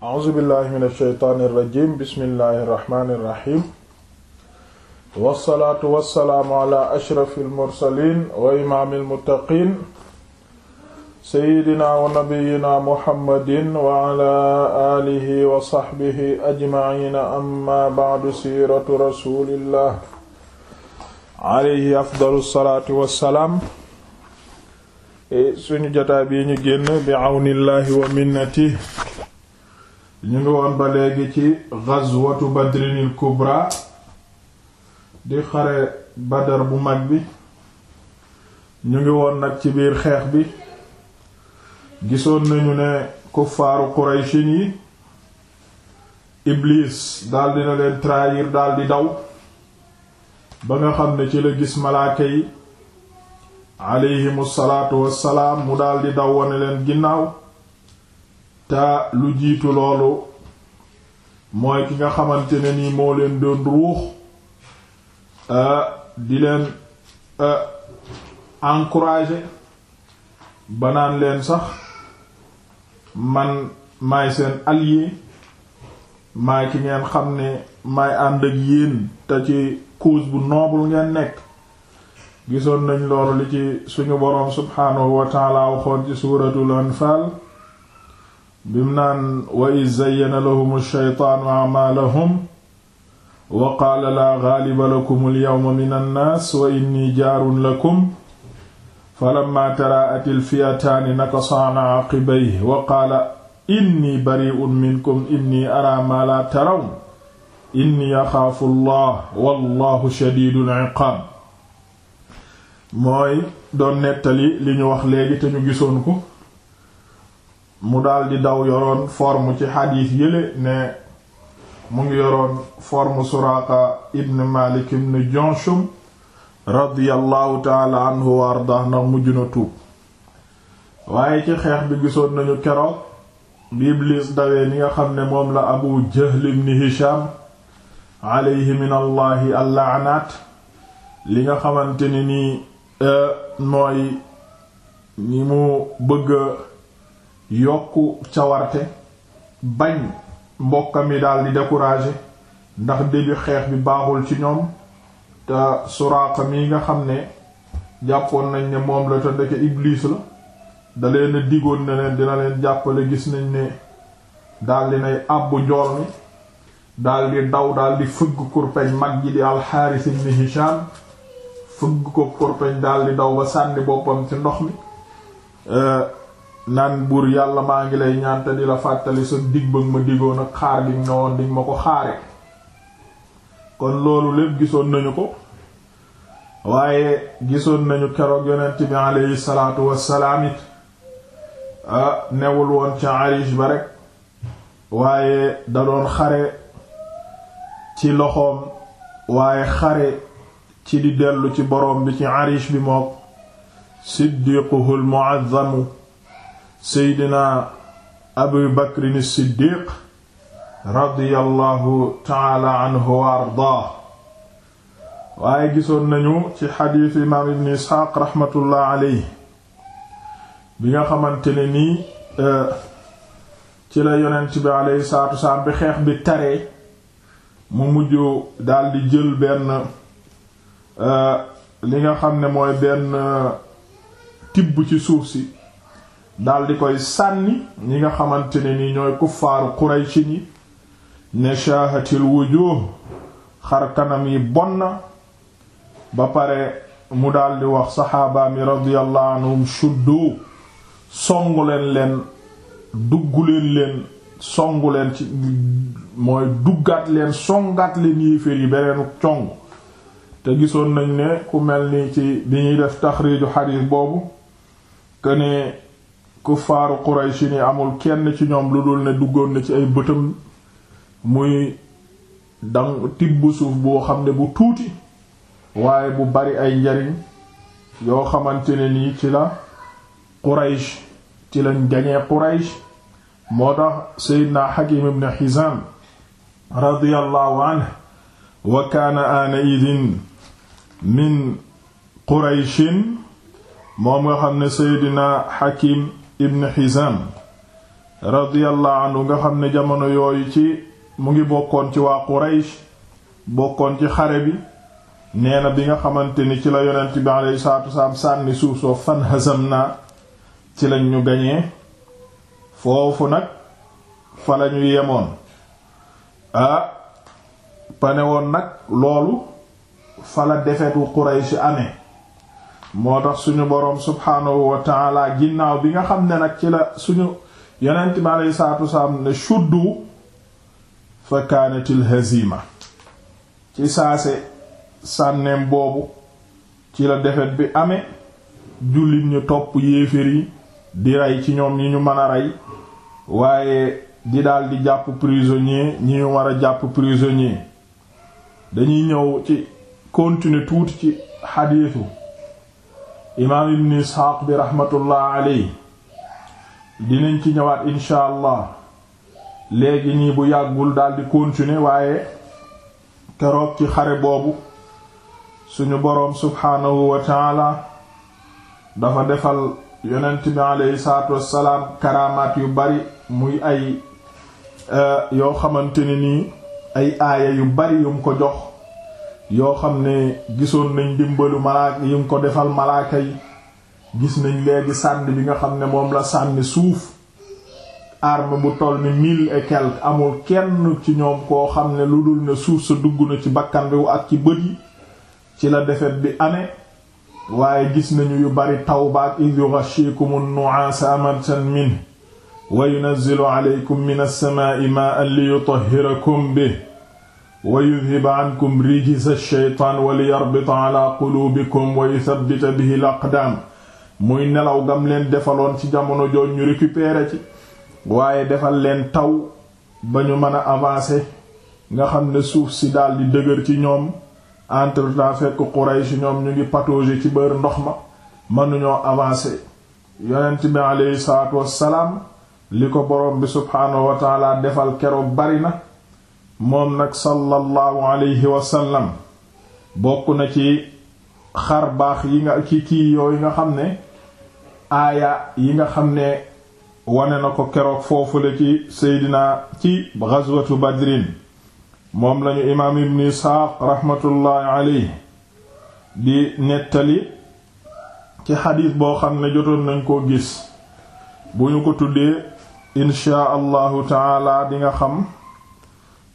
a'uuzu billahi min alsheytaani irrajim bismillahi irrahmani irrahim wassalaatu wassalaamu ala ashrafi almursalin wa imaami almuttaqin seyidina wa nabiyina muhammadin wa ala alihi wa saxbihi ajmaciina amma bacdu siiratu rasulillah alayhi afdalu salaatu wassalaam e, suñu jotaay bi ñu génn bi awnillahi wa minnatihi ñu ngi woon ba léegi ci ghazwatu badrinil kubra di xare badar bu mag bi ñu ngi woon nag ci biir xeex bi gisoon nañu ne kuffaaru qurayshin yi iblis daldi na leen trahir daldi daw ba nga xam ne ci la gis malaaka yi aleyhimu salaatu wassalaam mu daldi daw wane leen ginnaaw te lu jiitu loolu mooy ki nga xamante ne nii moo leen doon ruux euh, di leen euh, encourager banaan leen sax man maay seen allié maay ki ngeen xam ne maay ànd ak yéen te ci cause bu noble ngeen nekk gisoon nañ loolu li ci suñu boroom subhaanahu wa taala waxoon ci suuratul anfaal bim naan wa iz zayyana lahum ash-shaytaanu a'maalahum wa qaala laa gaaliba lakum al-yawma min an-naas wa inni jaarun lakum falammaa taraa'ati al-fiyataani nakasa 'alaa 'aqibayhi wa qaala inni bari'un minkum inni araa maa laa tarawna inni axaafu llaah wallaahu shadiidul 'iqaab mooy doon nettali li ñu wax léegi te ñu gisoon ko mu daldi daw yoroon forme ci xadiis yële ne mu ngi yoroon forme Suraaqa ibn Malik ibn Junshum radiyallahu taala anhu wa ardah ndax mujj na tuub waaye ci xeex bi gisoon nañu keroog bi Iblis dawee ni nga xam ne moom la Abu Jahl ibn Hisham alayhi min allahi allaanaat li nga xamante ni nii eh, mooy ni mu bëgga yokku cawarte bañ mbokkam yi daal di décourager ndax début xeex bi baaxul ci ñoom te Suraaqa mi nga xam ne jàppoon nañ ne moom la te ndeke Iblis la da leen a digoon ne dina leen jàppale gis nañ ne daal di nay àbbu njool mi daal di daw daal di fëgg kurpeñ mag ji di Al-Haaris ibn fëgg ko kurpeñ daal di daw ba sànni boppam ci ndox mi euh, naan buur yàlla maa ngi lay ñaan te fàttali sa dig ba ma digoon ak xaar gi nga woon di ma ko xaare kon loolu lépp gisoon nañu ko waaye gisoon nañu keroog yonent bi aleyhi salaatu wassalaam it newul woon ca arish ba rekk waaye da doon xare ci loxoom waaye xare ci di dellu ci boroom bi ci arish bi mook siddiquhul mu'azzamu seydina abu bakrin siddiq radiyallahu taala anhu wa ardaa waaye gisoon nañu ci xadiis imaam ibn isxaaq raxmatullah aley bi nga xamante ne nii euh, ci la yonent bi aleyhi salaatu wasalaam bi xeex bi taree mu mujj daldi jël benn euh, li nga xam ne mooy benn euh, tibb ci suuf si daldi koy sànni ñi nga xamante ne ni ñooy kuffaaru Qurayshi ñi ne shaahatil wujuh xar kanam yi bon na ba pare mu daldi wax saxaabaa mi radiyallahu anhum shuddu songu leen leen duggu leen leen songu leen mooy duggaat leen songaat leen yéeféer yi beneenu cong te gisoon nañ ne ku mel ni ci bi ñuy def taxriiju xadiis boobu këne kuffaaru Quraysh ni amul kenn ci ñoom lu dul ne duggoon ci ay bëtam muy dang tibb suuf boo xam ne bu tuuti waaye bu bari ay njariñ yoo xamante nii ci la Quraysh ci la gañee Quraysh moo tax Seydina Hakim ibn Hizam radiyallahu anhu wa kaana aana min Qurayshin moom nga xam ne Seydina Hakim ibn Hizam radiyallahu anhu nga xam ne jamono yooyu ci mu ngi bokkoon ci waa Quraysh bokkoon ci xare bi nee na bi nga xamante ni ci la yonent bi alayhi salaatu wasalaam sànni suuf soo fan hazam naa ci lañ ñu gañee foofu nag fa la ñu yemoon ah panewoon nag loolu fa la defetu Quraysh amee moo tax suñu boroom subhaanahu wa taala ginnaaw bi nga xam ne nag ci la suñu yonent bi aleyhi salaatu wasalaam ne shuddu fa kaanatil hazima ci saase sànneem boobu ci la defet bi amee jullit ñu topp yéefér yi di rey ci ñoom yi ñu mën a rey waaye di daldi jàpp prisonnier ñi ñu war a jàpp prisonnier dañuy ñëw ci continuer tuuti ci xadiisu imaam ibn isxaaq bi raxmatullah aley dinañ ci ñëwaat insha allah léegi nii bu yàggul daldi continuer waaye keroog ci xare boobu suñu boroom subhaanahu wa taala dafa defal yonent bi aleyhi salaatu wassalaam karaamaat yu bari muy ay euh, yoo xamante ni nii ay aaya yu bari yum ko jox yoo xam ne gisoon nañ dimbalu malaaka yi nga ko defal malaaka yi gis nañ léegi sànni bi nga xam ne moom la sànni suuf arme bu toll ni mille et quelque amul kenn ci ñoom koo xam ne lu dul ne suuf sa dugg na ci bakkan bi ak ci bët yi ci la defet bi amee waaye gis nañu yu bari tawba ak iz yughashikumu an-nu'asa amatan min wa yunazzilu alaykum minas samaa'i ma'an liyutahhirakum bihi wa yudhiba ankum rijsa shaytaan wa liyarbita ala quluubikum wa yuthabbita bi al-aqdaam muy nelaw gam leen defaloon ci jamono joon ñu récupérer ci waaye defal leen taw ba ñu mën a avancer nga xam ne suuf si daldi dëgër ci ñoom entre-temps fekk Quraysh ñoom ñu ngi patauger ci bër ndox ma mënuñoo avancer yonent bi aleyhi salaatu wassalaam li ko borom bi subhaanahu wa taala defal keroog bari na moom nag sallallahu alayhi wasallam bokk na ci xar baax yi nga ci kii yooyu nga xam ne aaya yi nga xam ne wane na ko keroog foofu la ci seydina ci ghazwatu badrin moom lañu imaam ibn isxaaq raxmatullaahi alayhi di nettali ci xadiis boo xam ne jotoon nañ koo gis bu ñu ko tuddee inshaa allahu taala di nga xam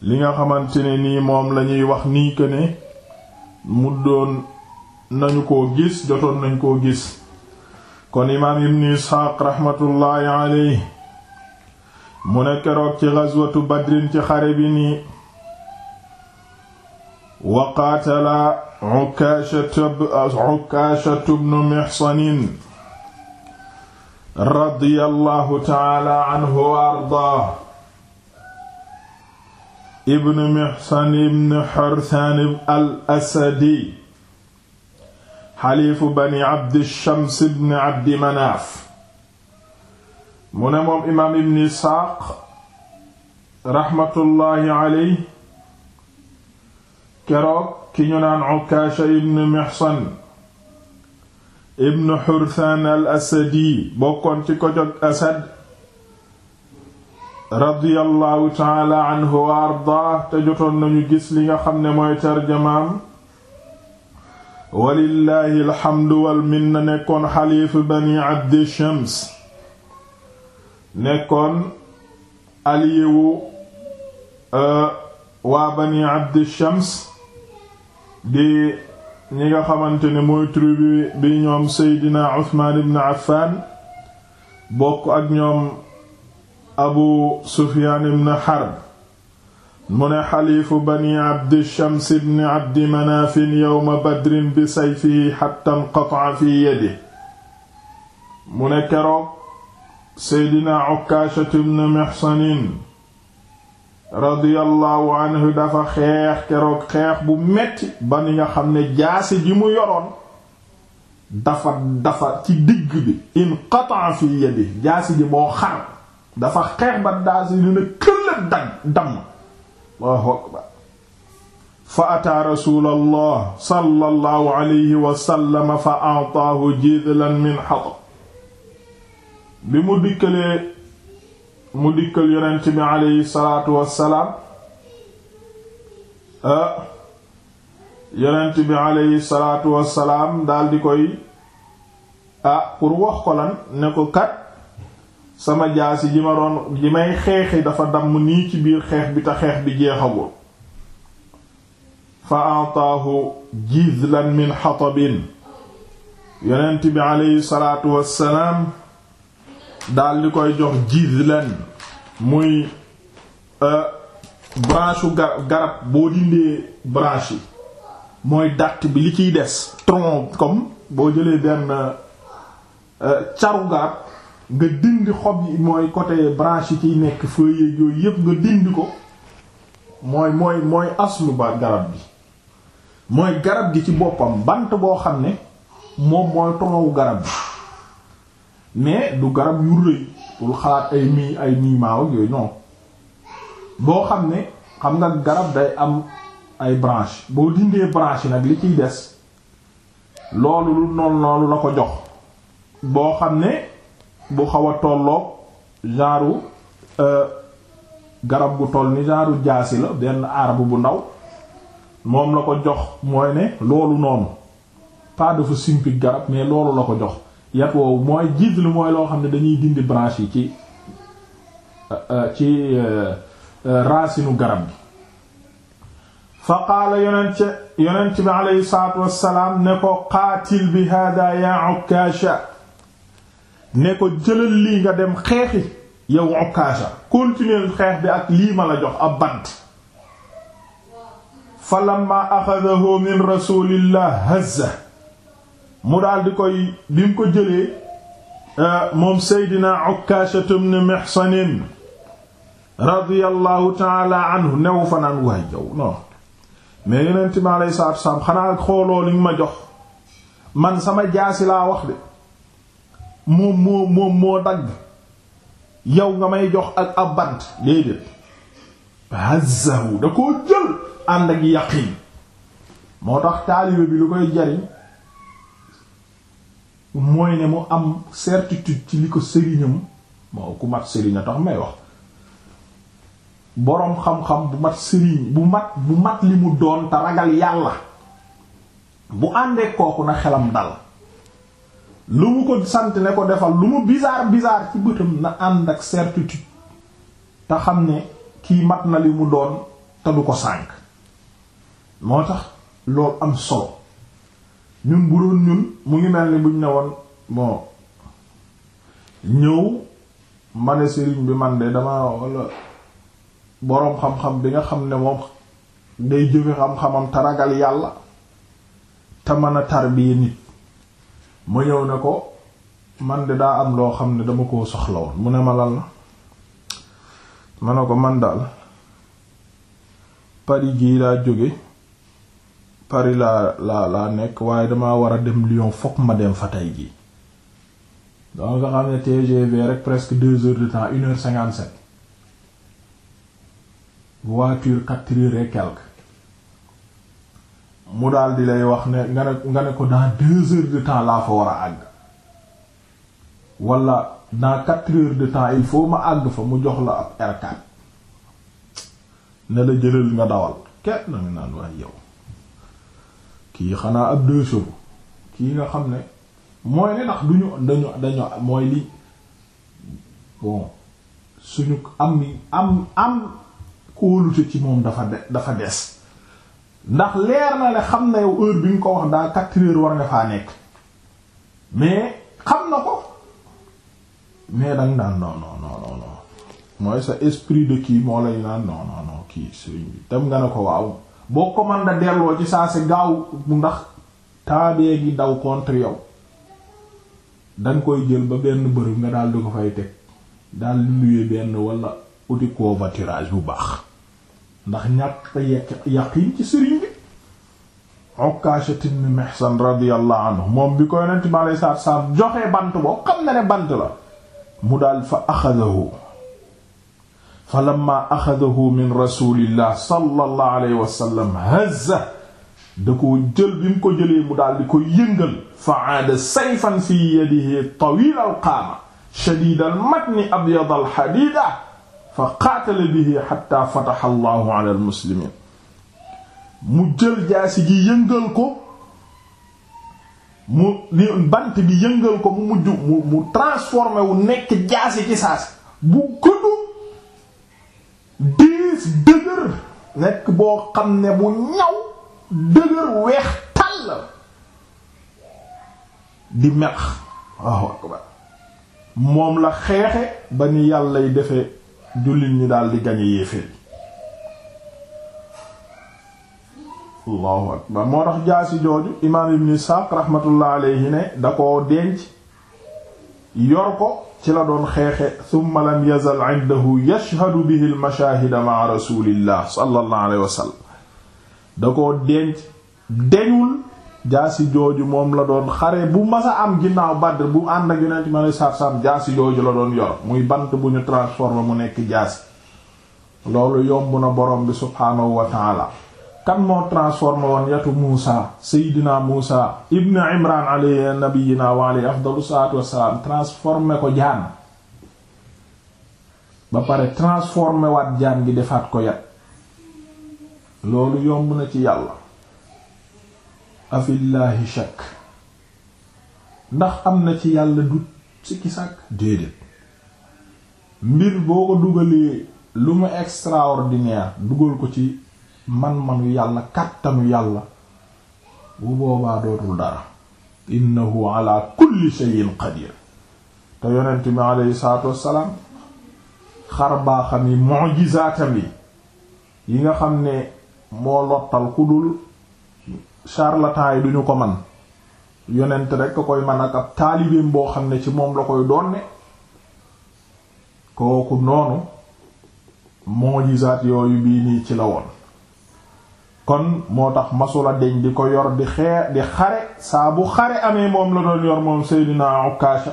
li nga xamante ne nii moom lañuy wax nii que ne mu doon nañu ko gis jotoon nañu koo gis kon imaam ibn isxaaq raxmatullaahi aleyhi mu ne keroog ci gazwatu badrin ci xare bi nii wa qaatala ukaashatu bnu mixsanin radiyallaahu taala anhu wa ardaa ibn mihsan ibn xarthaan al asadi xaliifu bani abdi shams ibn abdi manaaf mu ne moom imaam ibn isxaaq raxmatullaahi aley keroog ki ñu naan ukaasha ibn mihsan ibn xurthaan al asadi bokkoon ci ko jog asad radiyallahu taala anhu wa ardaa te jotoon nañu gis li nga xam ne mooy tarjamaam walillaahi alxamdu walminna nekkoon xaliifu bani abdi shams nekkoon aliyewu euh, waa bani abdi shams di ñi nga xamante ne mooy tribu bi ñoom seydina usmaan ibn affan bokk ak ñoom abu sufyaan ibn harb mu ne xaliifu bani abdi shams ibn abdi manaafin yowma badrin bi sayfihi xatta nqataca fi yadihi mu ne keroog seydina ukkaashatu ibn mihsanin radiyallahu anhu dafa xeex keroog xeex bu metti ba ni nga xam ne jaasi ji mu yoroon dafa dafa ci digg bi inqataca fi yadihi jaasi ji moo xar dafa xeex ba daasi dina këllëg dagg damm Allahu akbar fa ataa rasuulallah sallallahu alayhi wa fa ataahu jidlan min xatab bi mu dikkalee mu dikkal yonent bi alayhi salaatu wassalaam ah, yonent bi alayhi dal di koy ah, pour wax ko lan ne ko kat sama jaasi ji ma doon ji may xeexi dafa damm nii ci biir xeex bi te xeex bi jeexagul fa ataahu jizlan min xatabin yonent bi aleyhi salaatu wassalaam dal di koy jox jizlan muy euh, branche garab boo dindee branche yi mooy dàtt bi li ciy des tronc boo jëlee benn euh, caru garab nga dindi xob yi mooy côté branche yi ciy nekk feuilles yooyu yépp nga dind ko mooy mooy mooy aslu ba garab gi mooy garab gi ci boppam bant boo xam ne moom mooy toŋawu garab gi mais du garab yu rëy pour xalaat ay mi ay niimaaw yooyu non boo xam ne xam nga garab day am ay branche boo dindee branche nag li ciy des loolu lu noonu la ko jox boo xam ne bu xaw a tolloog genre euh, garab gu toll ni genre jaasi la benn arbre bu ndaw moom la ko jox mooy ne loolu noonu pas dafa simpi garab mais loolu la ko jox yat woowu mooy jiit lu mooy loo xam ne dañuy dindi branche yi ci euh, euh, ci raacinu garab gi fa qaala yonent yonent bi aleyhi salaatu wassalaam ne ko qaatil bi hada ya ukaasha ne ko jëlal lii nga dem xeexi yow Ukaasha continuer xeex bi ak lii ma la jox ab bant fa lamma axadahu min rasulillah hazza mu daal di koy bi mu ko jëlee euh, moom seydina Ukaasha ibn Mihsan radiyallahu taala anhu newu fanaan waay jow non mais yeneenti ma lay saatu saam xanaa xooloo li nga ma jox man sama jaasi laa wax de moom moo moom moo dagg yow nga may jox ak ab bant déedéet hazzahu da koo jël ànd ak yaqiin moo tax taalibe bi lu koy jariñ mooy ne mu am certitude ci li ko sëriñam moo ku mat sëriñ a tax may wax boroom xam-xam bu mat sëriñ bu mat bu mat li mu doon te ragal yàlla bu àndee kooku na xelam dal lu mu ko sant ne ko defal lu mu bizarre bizarre ci bëtam na ànd ak certitude te xam ne kii mat na li mu doon te du ko sànk moo tax loolu am solo ñun bu doon ñun mu ngi mel ni buñ ne woon bon ñëw ma ne sëriñ bi man de dama wala boroom xam-xam bi nga xam ne moom day jëfe xam-xamam taragal yàlla te mën a tarbiye nit mu ñëw ne ko man de daa am loo xam ne dama koo soxla mu ne ma lan la ma ne ko man daal Paris gii laa jóge Paris laa laa laa nekk waaye damaa war a dem lion fokk ma dem fa tey gii donc nga xam ne TGV rek presque deux heures de temps une heure cinquante-sept voiture quatre heures et mu daal di lay wax ne nga ne nga ne ko dans deux heures de temps laa fa war a àgg wala dans quatre heures de temps il faut ma àgg fa mu jox la ab r ne la jëlal nga dawal kenn na nga naan waaye yow kii xanaa ab deux kii nga xam ne mooy li tax du dañu dañu mooy li bon suñu am am am kóolute ci moom dafa de dafa des ndax leer na le xam na yow heure bi nga ko wax daa quatre heures war nga faa nekk mais xam na ko mais danga naan non non non non mooy sa esprit de kii moo lay naan non non non kii sëriñ bi tam nga ne ko waaw boo ko mën da delloo ci saa si gaaw ndax taabee gi daw contre yow danga koy jël ba benn bërëb nga daal di ko fay teg daal di luye benn walla uti covoiturage bu baax. ndax ñàkk yaqiin ci sëriñ bi Ukkaasha ibn Mihsan radiyallahu anhu moom bi ko yonent bi alayhi salaatu salaam joxe bant boo xam na ne bant la mu daal fa axadahu fa lamma axadahu min rasulillah sallallahu alayhi wa sallam hazza da ko jël bi mu ko jëlee mu daal di ko yëngal fa aada sayfan fi yadihi tawil al qaama shadid al matni abyad al hadida fa bi bihi xatta fataxa allahu almuslimiin mu jël jaasi gi yëngal ko mu bant bi yëngal ko mu mujj mu mu transformé wu nekk jaasi ci saasi bu gudd diis dëgër nekk boo xam ne bu ñaw dëgër weex tàll di melax moom la xeexe ba ni yàlla yi defee jullit ñi daal di gañe yéeféer allahu akbar moo tax jaasi jooju imaam ibn Isaaq rahmatullah alayhi ne da koo denc yor ci la doon xeexe thumma lam yazal indahu yashhadu bihi almashaahida ma'a rasulillah sallallahu alayhi wa da koo denc deñul jaasi jooju moom la doon xare bu masa am ginnaaw Badr bu ànd ak yonent ma ne jaasi jooju la doon yor muy bant bu ñu transformé mu nekk jaasi loolu yomb na borom bi subhaanahu wa taala kan transformé woon yatu Muusa Seydina Muusa ibn Imran alayhi nabiyina wa alayhi afdalu salaatu wassalaam transformé ko jaan ba pare transformé waat jaan gi defaat ko yat loolu yomb na ci yàlla afillaahi shakk ndax am na ci yàlla dut sikki sàkk déedéet mbir boo ko dugalee lu mu extraordinaire dugal ko ci man-manu yàlla kàttanu yàlla bu boobaa dootul dara innahu ala kulli shay'in qadir te yonent bi aleyhi salaatu wassalaam xar baa xam yi mu'jizaatam yi yi nga xam ne moo lottal ku dul charlatan yi duñu ko man yonent rekk koy man ak ab taalibeem boo xam ne ci moom la koy doon kooku noonu mojizaat yooyu bii nii ci la woon kon moo tax masula deñ di ko yor di xee di xare saa bu xare amee moom la doon yor moom Seydina Ukkaasha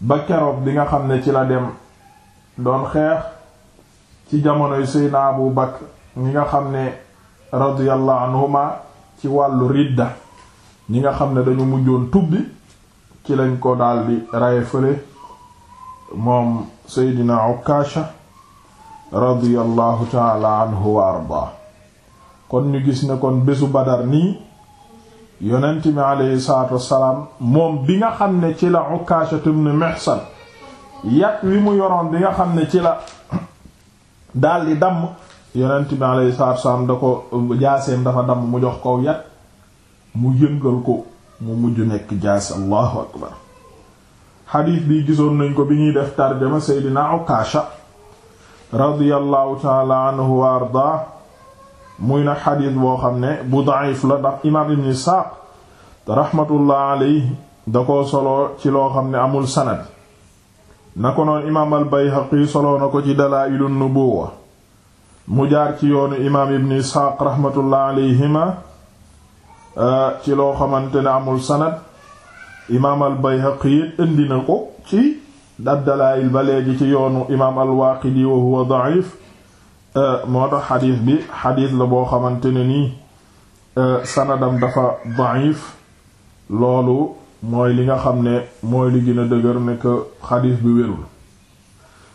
ba keroog bi nga xam ne ci la dem doon xeex ci jamonoy Seydina Abu Bakr ñi nga xam ne radiyallahu anhuma ci wàllu ridda ñi nga xam ne dañu mujjoon tubbi ci lañ ko daldi raye fële moom Seydina Ukkaasha radiyallahu taala anhu wa arda kon ñu gis ne kon bésu Badar nii yonent bi aleyhi salaatu wassalaam moom bi nga xam ne ci la Ukkaasha ibn Mihsan yat wi mu yoroon bi nga xam ne ci la daldi damm yonent bi alayhi salaatu wassalaam da ko jaaseem dafa damm mu jox kow yat mu yëngal ko mu mujj nekk jaas allahu akbar xadiis bi gisoon nañ ko bi ñuy def tarjama seydina Ukaasha radiyallahu taala anhu muy na xadiis boo xam ne bu daif la ndax imaam ibn Isaaq rahmatullah da ko solo ci loo xam ne amul sanad na ko noon imaam al solo na ko ci Dalaa'ilun Nubuwwa mu jaar ci yoonu imaam ibn isxaaq rahmatullah alayhima euh, ci loo xamante ne amul sanad imaam al bayhaqi indi na ko ci daddalaayil ba léegi ci yoonu imaam al waaqidi wa huwa da'if euh, moo tax xadiis bi xadiit la boo xamante ne nii euh, sanadam dafa da'if loolu mooy li nga xam ne mooy li gën a dëgër ne que bi wérul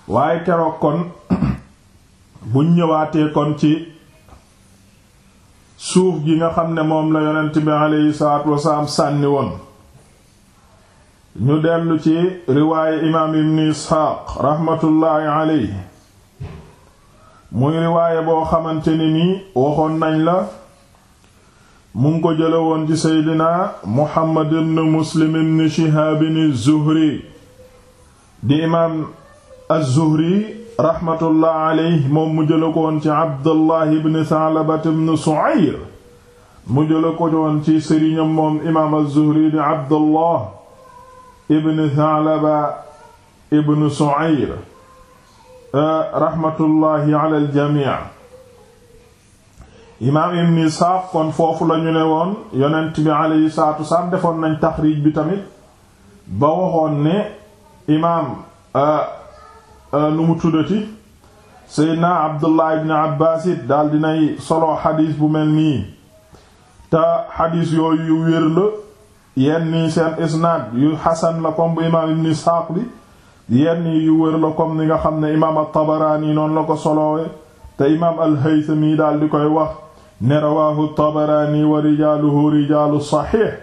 waaye keroog kon bu ñëwaatee kon ci suuf gi nga xam ne moom la yonent bi aleyhi salaatu wasalaam sànni woon ñu dellu ci riwaaye imaam ibn isxaaq raxmatullaahi aleyhi muy riwaaye boo xamante ni nii waxoon nañ la mu ngi ko jële woon ci seydina muhammad ibn muslim ibn shihaabin az-zuhri di imaam az-zuhri rahmatullah alayhi moom mu jëla ko woon ci Abdullah ibn Sa'laba ibn Su'ayr mu jëla ko woon ci sëriñam moom imaam az-Zuhri di Abdullah ibn Sa'laba ibn Su'ayr eh, rahmatullahi ala al-jamii' imaam ibn Isxaaq kon foofu lañu ne woon yonent bi alayhi salaatu wasalaam defoon nañ taxriij bi tamit ba waxoon ne imaam eh, lu euh, mu tuddati seydna abdullah ibni abbaasit daal dinay solo xadiis bu mel nii te xadiis yooyu yu wér la yenn yi seen isnaad yu xasan la comme imaam ibn isxaaq bi yenn yi yu wér la comme ni nga xam ne imaam altabaraani noon la ko solo te imaam alhaytami daal di koy wax ne rawaahu tabaraani wa rijaaluhu rijaalu saxiix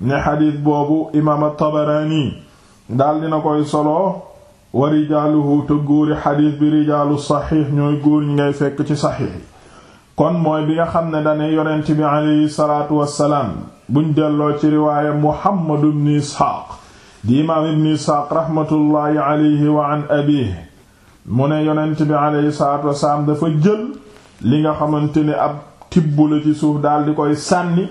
ne xadiis boobu imaam altabaraani daal dina koy solo wa rijaaluhu te góori xadiis bi rijaalu saxiix ñooy góor ñi ngay fekk ci saxiix kon mooy bi nga xam ne dane yonent bi aleyhi salaatu wassalaam buñ delloo ci riwaaya muhammadu ibn isxaaq di imaam ibn isxaaq raxmatullaahi aleyhi wa an abiih mu ne yonent bi aleyhi salaatu wassalaam dafa jël li nga xamante ne ab tibb ci suuf daal di koy sànni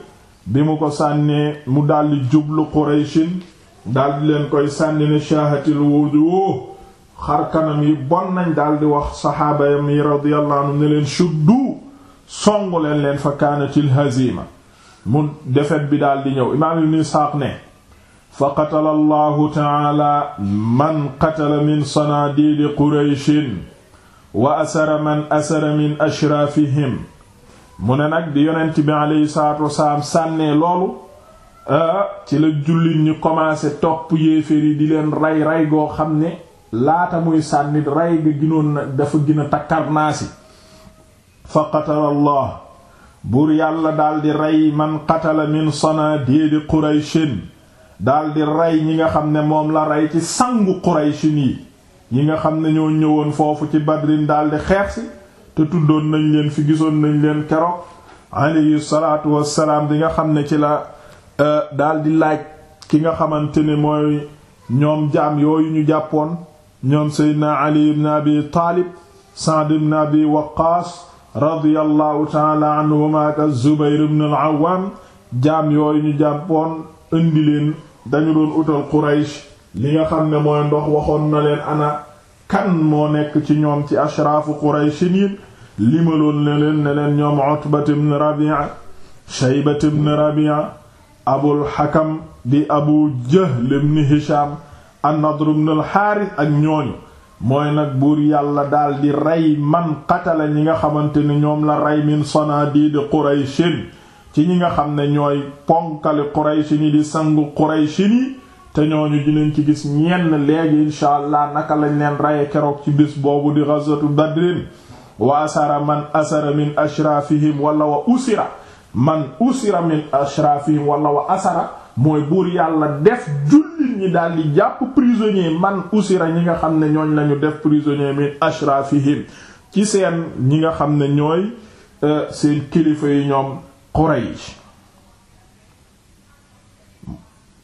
bi mu ko sànnee mu daldi jublu qurayshin daldi leen koy sànni ne shaahatil wujuh xar kanam yi bon nañ daldi wax saxaaba yi radiyallahu anhu ne leen shuddu songu leen fa kaanatil hazima mu defet bi daldi ñëw imaam ibn Isxaaq ne fa qatala allahu taala man qatala min sanaadiidi qurayshin wa asara man asara min ashraafihim mu ne nag di yonent bi aleyhi salaatu wasalaam sànnee loolu ah, ci la jullit ñi commencé topp yéeféer yi di leen rey rey goo xam ne laata muy sànni rey ga ginoon na dafa gën a takkarnaasi fa qatala buur yàlla daldi rey man qatala min sanadiidi qurayshin daldi rey ñi nga xam ne moom la rey ci sangu qurayshin yi ñi nga xam ne ñoo ñëwoon foofu ci badrin daldi xeex si te tuddoon nañ leen fi gisoon nañ leen kero alayhi salaatu wassalaam di nga xam ne ci la euh, daldi laaj ki nga xamante ne mooy ñoom jaam yooyu ñu jàppoon ñoom seydna ali ibn abi taalib sa'd ibn abi waqqaas radiyallahu taala anhuma ak az-zubayr ibn al-awwam jaam yooyu ñu jàppoon indi dañu doon utal quraysh li nga xam ne mooy ndox waxoon na leen ana kan moo nekk ci ñoom ci ashraafu qurayshin yi limaloon ne leen ne leen ñoom utbat ibn rabi'a shaybat ibn rabi'a abul hakam di abu jahl ibn hisham an-Nadr ibn al ak ñooñu mooy nag buur yàlla daal di rey man qatala ñi nga xamante ni ñoom la rey min sanadiidi Qurayshin ci ñi nga xam ne ñooy ponkali Qurayshin yi di sangu Qurayshin yi te ñooñu dinañ ci gis ñenn léegi incha allah naka lañ leen reye keroog ci bis boobu di ghazwatu Badrin wa asara man asara min ashrafihim wala wa usira man usira min ashrafihim wala wa asara mooy buur yàlla def jullit ñi daal di jàpp prisonnier man usira ñi nga xam ne ñooñ lañu def prisonnier min ashrafihim ci seen ñi nga xam ne ñooy euh, seen kilifa yu ñoom Quraysh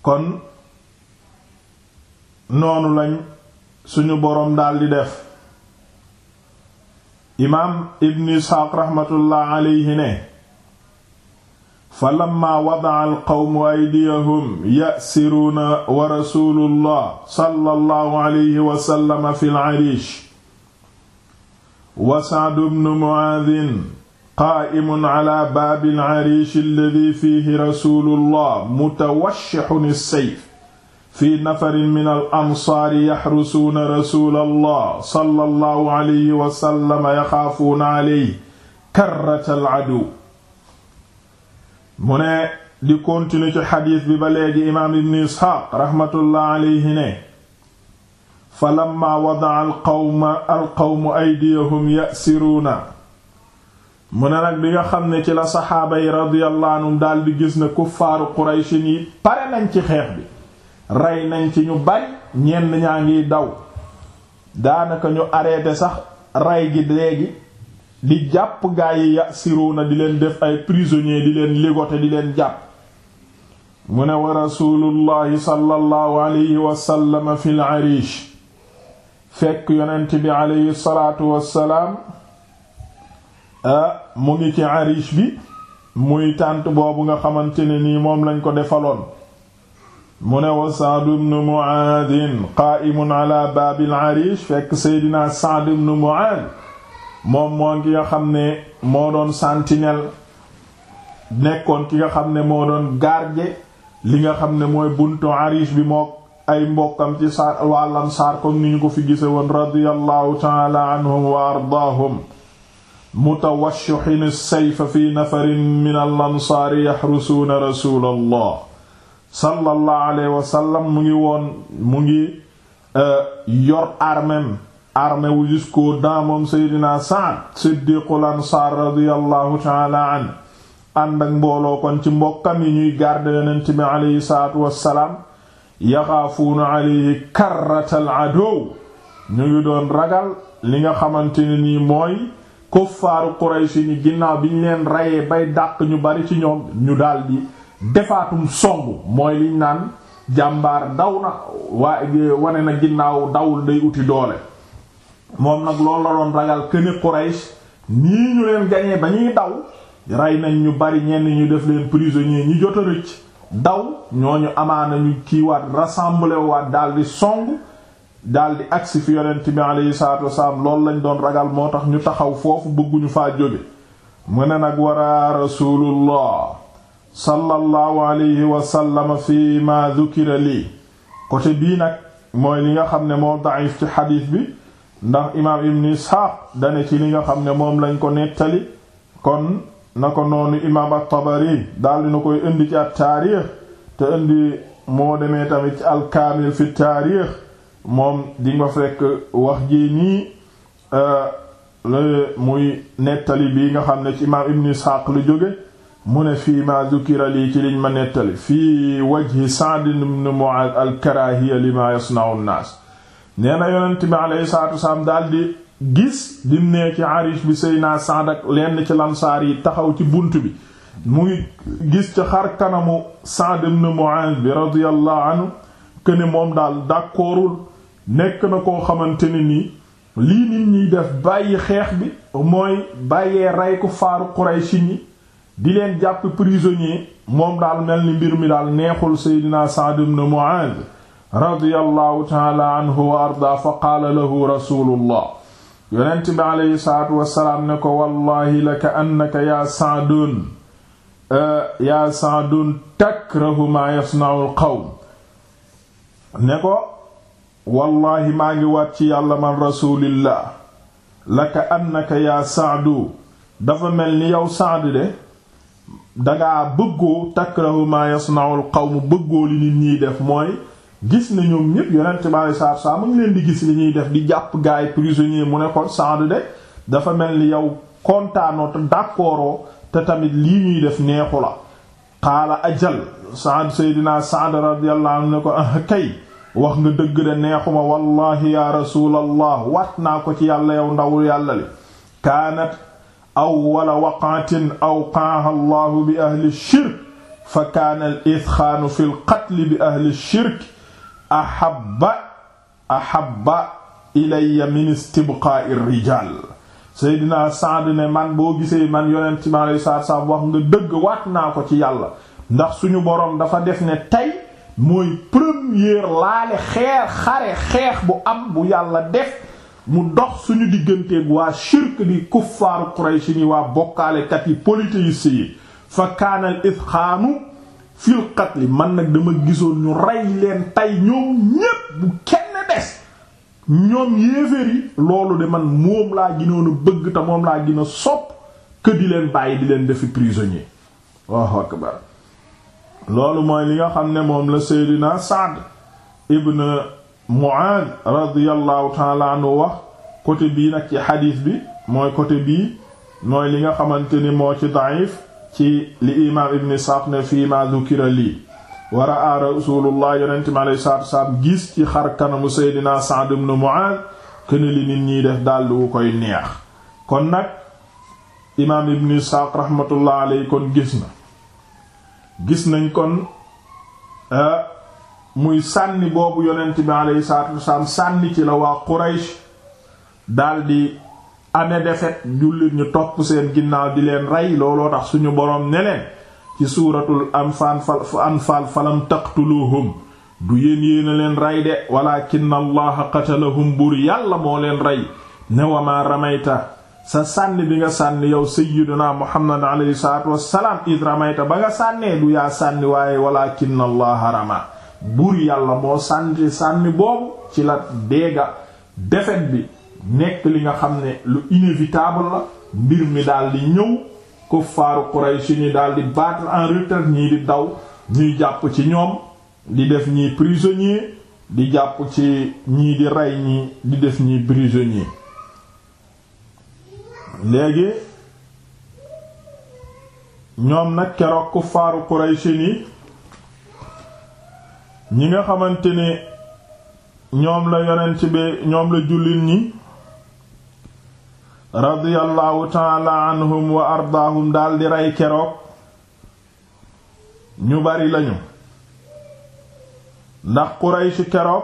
kon noonu lañ suñu boroom daal def imaam Ibn Isxaaq rahmatullah alayhi ne fa lamma wada'a alqawmu aydiyahum yasiruuna wa rasulullah sallallahu alayhi wa sallam fi lariish wa sa'du bnu mu'aadin qaa'imun ala baabi lariish alladhi fiihi rasulullah mutawashshihun as-sayf fi nafarin min al-ansaari yaxrusuuna rasulallah sallallahu alayhi wa sallam yaxaafuuna alayhi karratal aduww mu ne di continuer ci xadiis bi ba léegi imaam ibn isxaaq raxmatullah alayhi ne fa lamma wada'a alqawma alqawmu aydiyahum yasiruuna mu ne nag bi nga xam ne ci la saxaaba yi radiyallahu anhum gis na kuffaaru qurayshin yi pare nañ ci xeex bi rey nañ ci ñu bari ñenn ñaa ngiy daw daanaka ñu arrêté sax rey gi léegi di jàpp gaa yi yasiruuna di leen def ay prisonniers di leen ligoter di leen jàpp mu ne wa rasulullahi sallallahu alayhi wasallama fil arish fekk yonent bi aleyhi salaatu wassalaam a mu ngi ci arish bi muy tànt boobu nga xamante ne nii moom lañ ko defaloon mu ne wa Saad ibn Mu'aadh qaa'imun ala baabil arish fekk seydina Saad ibn Mu'aadh moom moo ki nga xam ne moo doon sentinelle nekkoon ki nga xam ne moo doon gaar gardien li nga xam ne mooy buntu Arish bi mook ay mbokkam ci saar wàllam saar comme ni ñu ko fi gise woon radiyallahu taala wa ardaahum mutawashshihin as-sayf fi nafarin min al-ansaari rasuulallah sallallahu alayhi wa mu ngi woon mu ngi euh, yor armem armé wu jusqu'aux dents moom Seydina Saad siddiqul ansaar radiyallahu taala an ànd mbooloo kon ci mbokkam yi ñuy garder yonent bi aleyhi salaatu wassalaam yaxaafuuna aleyhi karratal adow ñu ngi doon ragal li nga xamante ne nii mooy kuffaaru Qurayshi ni ginnaaw bi ñu leen reyee bay dàq ñu bari ci ñoom ñu daldi defaatum song mooy liñ naan jàmbaar daw na waa wane na ginnaaw dawul day uti doole moom nag loolu la doon ragal këne Quraysh nii ñu leen gañee ba ñuy daw rey nañ ñu bari ñenn ñu def leen prisonnier ñi jot a rëcc daw ñooñu amaana ñu kiiwaat rassemblé waat daldi song daldi agsi fi yonent bi alayhi salaatu wasalaam loolu lañ doon ragal moo tax ñu taxaw foofu bëgguñu faa jóge mu ne nag waraa rasulullah sallallahu alayhi wasallam fi ma dhukira lii côté bii nag mooy li nga xam ne moo daif ci xadiis bi ndax imaam ibn isxaaq dane ci li nga xam ne moom lañ ko nettali kon na ko noonu imaam at-Tabari daal dina koy indi ci at-taarix te indi moo demee tamit ci al-Kaamil fi taarix moom di nga fekk wax ji nii euh, muy nettali bii nga xam ne ci imaam ibn isxaaq lu jóge mu ne fii ma dhukira lii ci liñ ma nettali fii wajhi Sa'd ibn Mu'adh al-karaahiya lima yasna'u an nee na yonent bi alayhi salaatu wasalaam daal di gis di ci arish bi Seydina Saad ak lenn ci lamsaar yi taxaw ci bunt bi mu ngi gis ci xar kanamu Saad ibn Mu'aaz bi radiyallahu anhu këne moom daal d'accordul nekk na koo xamante ne nii lii nit ñiy def bàyyi xeex bi mooy bàyyee rey faaru Quraysh ñi di leen jàpp prisonnier moom daal mel ni mbir mi daal neexul Seydina Saad ibn Mu'aaz radiyallahu taala anhu wa arda fa qaala lahu rasulullah yonent bi aleyhi salaatu ne ko wallahi laka annaka yaa Sa'dun eh, yaa Sa'dun takrahu maa yasna'u al ne ko wallahi maa ngi waat ci yàlla man rasulillah laka annaka yaa Sa'du dafa mel ni yow Sa'd de dangaa bëggoo takrahu maa yasna'u al bëggoo li nit ñiy def mooy gis na ñoom ñëpp yonent bale saar saa mu ngi leen di gis li ñuy def di jàpp gaay prisonnier mu ne ko Saad de dafa mel ni yow kontaanoo te d'accord te tamit lii ñuy def neexu la xaala ajal Saad Seydina Saad radiyallahu ne ko ah, kay wax nga dëgg de neexuma wallahi ya rasulallah waat naa ko ci yàlla yow ndaw yàlla li kaanat awwala waqatin awqaaha allahu bi ahli shirk fa kaana al-ithxaanu fi al-qatl bi ahli shirk ahabba ahabba ilayya min istibqaa'i rijaal seydina Saad ne man boo gisee man yonent mi alayhi salaatu salaam wax nga dëgg waat naa ko ci yàlla ndax suñu boroom dafa def ne tey mooy première laale xeer xare xeex bu am bu yàlla def mu dox suñu digganteeg waa shirk di kuffaaru Quraysh ni waa bokkaalekat yi politiis yi fa kaanal itqaanu fil li man nag dama gisoon ñu rey leen tey ñoom ñépp bu kenn des ñoom yéeféer yi loolu de man moom laa ginoonu bëgg te moom laa gën a sopp que leen bàyyi di leen defi prisonnier waaw akbar loolu mooy li nga xam ne moom la Seydina Saad ibn Mu'aad radiyallahu ta'ala anhu wax côté bii nag ci xadiis bi mooy côté bii mooy li nga xamante ni moo ci daif ci li imaam ibn Isxaaq ne fii ma dhukira lii wa ra'a rasulullah yonent mi alayhi salaatu wasalaam gis ci xar kanamu Seydina Sa'd ibn Mu'aaz kën li nit ñiy def daldi wu koy neex kon nag imaam ibn Isxaaq rahmatullah alayhi kon gis na gis nañ kon muy sànni boobu yonent bi alayhi salaatu wasalaam sànni ci la waa Quraysh daldi ame defet jullit ñu topp seen ginnaaw di leen rey looloo tax suñu boroom ne leen ci suuratul anfaal anfaal falam taqtuluhum du yéen yéena leen rey de walakin allaha qatalahum buur yàlla moo leen rey ne wa ma ramayta sa sànni bi nga sànni yow sayyiduna muhammad alayhi salaatu wassalaam id ramayta ba nga sànnee du yaa sànni waaye walakin allaha rama buur yàlla moo sànni sànni boobu ci la deega defet bi nekk li nga xam ne lu inévitable la mbir mi daal di ñëw ko faaru Quraysh ñi daal di battre en retraite ñii di daw ñuy jàpp ci ñoom di def ñii prisonnier di jàpp ci ñii di rey ñii di def ñii prisonnier léegi ñoom nag keroog ku faaru Quraysh ni ñi nga xamante ne ñoom la yonent bi ñoom la jullit ñi radiyallahu taala anhum wa ardaahum daldi rey keroog ñu bari lañu ndax ci keroog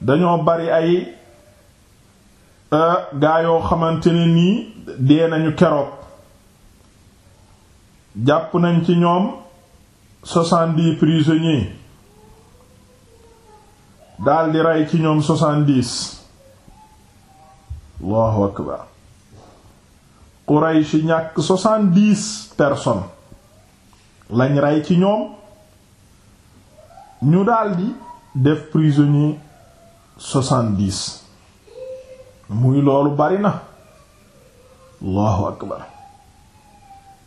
dañoo bari ay e, gaa yoo xamante ne nii dee nañu keroog jàpp nañ ci ñoom soixante-dix daldi rey ci ñoom soixante allahu akbar Quraysh ñàkk soixante-dix personnes lañ rey ci ñoom ñu daldi def prisonnier soixante-dix muy loolu bari na allahu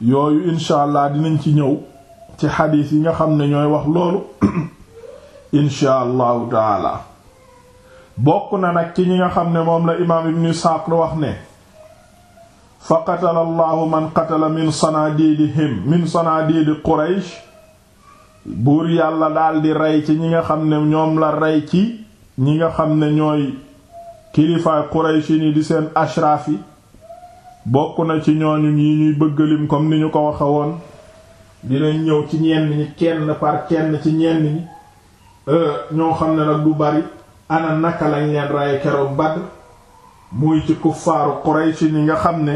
yooyu incha allah dinañ ci ñëw ci xadiis yi nga xam ne ñooy wax loolu incha allahu bokk na nag ci ñi nga xam ne moom la imaam ibn Isxaaq lu wax ne fa qatala allahu man qatala min sanadiidihim min sanadiidi Quraysh buur yàlla daldi rey ci ñi nga xam ne ñoom la rey ci ñi nga xam ne ñooy kilifaay Quraysh ni di seen ashraaf yi bokk na ci ñooñu yi ñuy bëggalim comme ni ñu ko waxe woon dinañ ñëw ci ñenn ñi kenn par kenn ci ñenn ñi euh, ñoo xam ne nag du bari ana naka la leen ray keroog Badr muy ci kuffaaru Quraysh ñi nga xam ne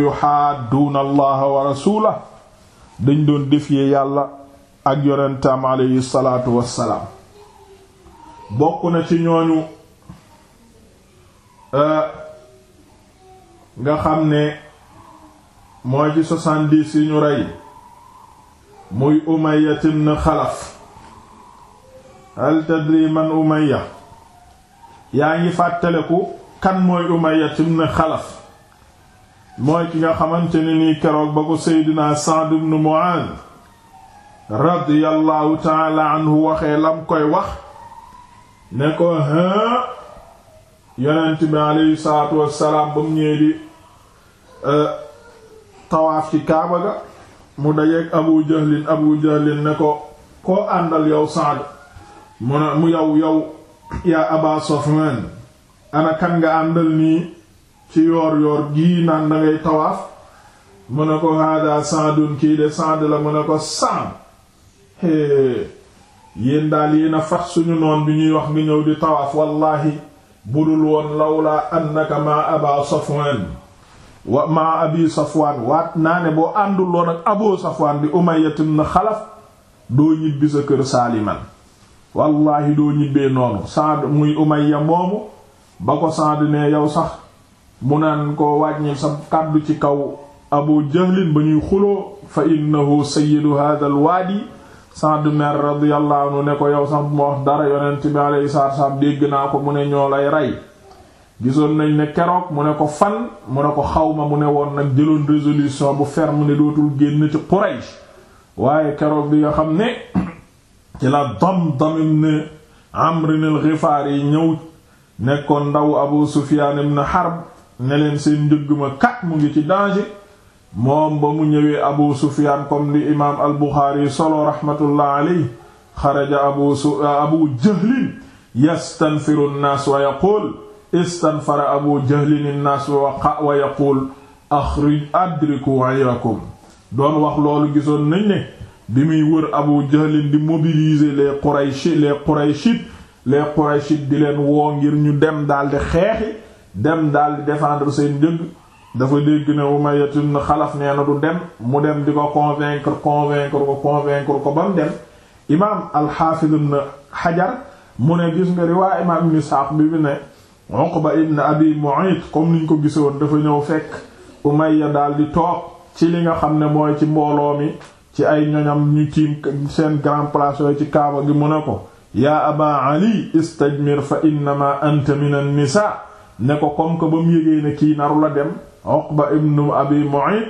yu xaat allaha wa rasuulahu dañ doon défier yàlla ak yonentam aleyhi salaatu wassalaam bokk na ci ñooñu euh, nga xam ne mooy ci soixante-dix yi ñu rey muy Umayya ibn Xalaf hal tadri man umayya yaa ngi fàttaleku kan mooy umayya ibn xalaf mooy ki nga xamante ni nii keroog ba ko seydinaa Sa'd ibn Mu'adh radiyallahu taala anhu waxee lam koy wax ne ko hë yonent bi aleyhi salaatu wassalaam ba mu ñëwee e, ci kaaba ga mu dajeek abu jahlin abu jahlin ne ko koo àndal yow Sa'd mu ne mu yow yow yaa Aba Safwan ana kan nga àndal nii ci yoor yoor gii naan da ngay tawaaf mu ne ko hada Sa'dun kii de Sa'd la mu ne ko Sa'd yéen daal yéen fat suñu noon bi ñuy wax nga ñëw di tawaaf wallahi budul woon lawla annaka ma Aba Safwan wa ma abi safwaan waat naa ne boo ànduloon ak abu safwaan di umayya ibn xalaf doo ñibbi sa kër saaliman wallaahi doo ñibbee noonu Saad muy Umayya moomu ba ko Saad ne yow sax mu naan ko wàññi sa kàddu ci kaw Abu Jahlin ba ñuy xuloo fa innahu sayyidu hadha alwaadi Saad mer radiyallahu anhu ne ko yow sax bu ma wax dara yonent bi alayhi salaatu dégg naa ko mu ne ñoo lay rey gisoon nañ ne keroog mu ne ko fan mu ne ko xawma mu ne woon nag jëloon résolution bu ferme ne dootul génn ci Quraysh waaye keroog bi nga xam ne ci la Damdam ibn Amr al-Ghifari ñëw nekkoon ndaw Abu Sufyan ibn Harb ne leen seen kat mu ngi ci danger moom ba mu ñëwee Abu Sufyan comme di imaam al-Bukhari solo rahmatullah alayhi xaraja abu su abu jahlin yastanfiru wa yaquul istanfara abu jahlin nnaas wa yaquul axrij adriku ayrakum doon wax loolu gisoon nañ ne bi muy wër abu jahlin di mobiliser les qurayshi les qurayshit les qurayshit di leen woo ngir ñu dem daldi xeexi dem daldi défendre seen njëg dafa dégg ne Umayya ibn Xalaf nee na du dem mu dem di ko convaincre convaincre ko convaincre ko ba mu dem imaam al-Hafiz ibn Hajar mu ne gis nga riwaa imaam ibn Isxaaq bi bi ne Uqba ibn Abi Mu'ayt comme niñ ko gisoon dafa ñëw fekk Umayya daldi toog ci li nga xam ne mooy ci mbooloo mi ci ay ñoñam ñu ci seen grand place yooyu ci kaaba gi mu ne ko yaa aba ali istajmir fa innama anta min an ne ko comme que ba mu yégee ne kii naru la dem Uqba ibnu abi Mu'ayt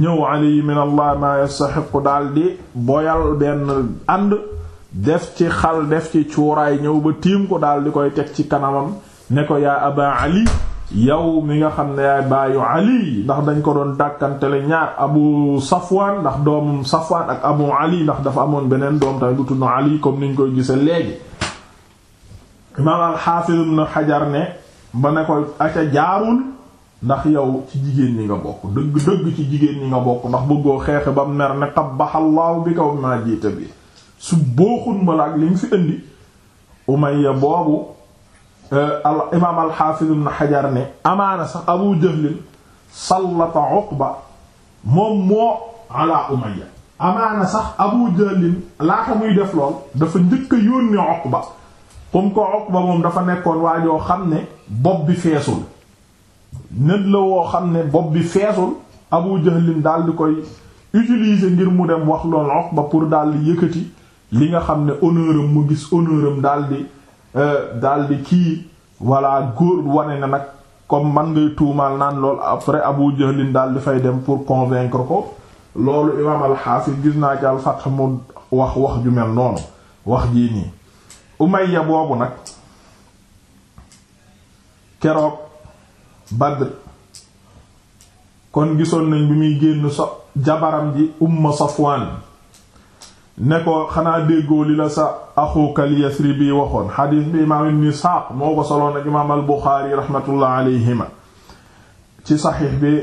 ñëw ali min allah ma yastaxiqu daldi boyal benn ànd def ci xal def ci cuuraay ñëw ba tiim ko di koy teg ci kanamam ne ko yaa aba ali yow mi nga xam ne yaay baayu ali ndax dañ ko doon dàkkantele ñaar abu safwaan ndax doomum safwaan ak abu ali ndax dafa amoon beneen doom tamit bu tudd ali comme niñ koy gise léegi imaam alxaafiz na xajar ne ba ne ko aca jaarul ndax yow ci jigéen ñi nga bokk dëgg dëgg ci jigéen ñi nga bokk ndax bëggoo xeexe ba mu mer ne xabbaxallaahu bi kaw maa jiita bi su booxun ma laak li nga fi indi umayya boobu Euh, al imaam alxaafid ibn xajar ne amaana sax abu jahlin sallata uqba moom moo ala umayya amaana sax abu jahlin laata muy def lool dafa njëkk a yónni uqba comme ko uqba moom dafa nekkoon waajoo xam ne bopp bi feesul nit la woo xam ne bopp bi feesul abu jahlin daal di koy utiliser ngir mu dem wax loolu uqba pour daal di yëkkati li nga xam ne honneur mu gis honneur am daal di Euh, daldi kii walla góor wane na nag comme man ngay tuumaal naan lool après Abu Jahlin daldi fay dem pour convaincre ko loolu imaam alxaafis gis naa ci alfath mu wax wax ju mel noonu wax jii nii Umayya boobu nag keroog Badr kon gisoon nañ bi muy génn so jabaram ji Umma Safwan ne xanaa déggoo li la sa axuka li yasribi waxoon xadiis bi imaam ibn Isxaaq moo ko soloon ak imaam al Buxaari raxmatullah alayhima ci saxiix bi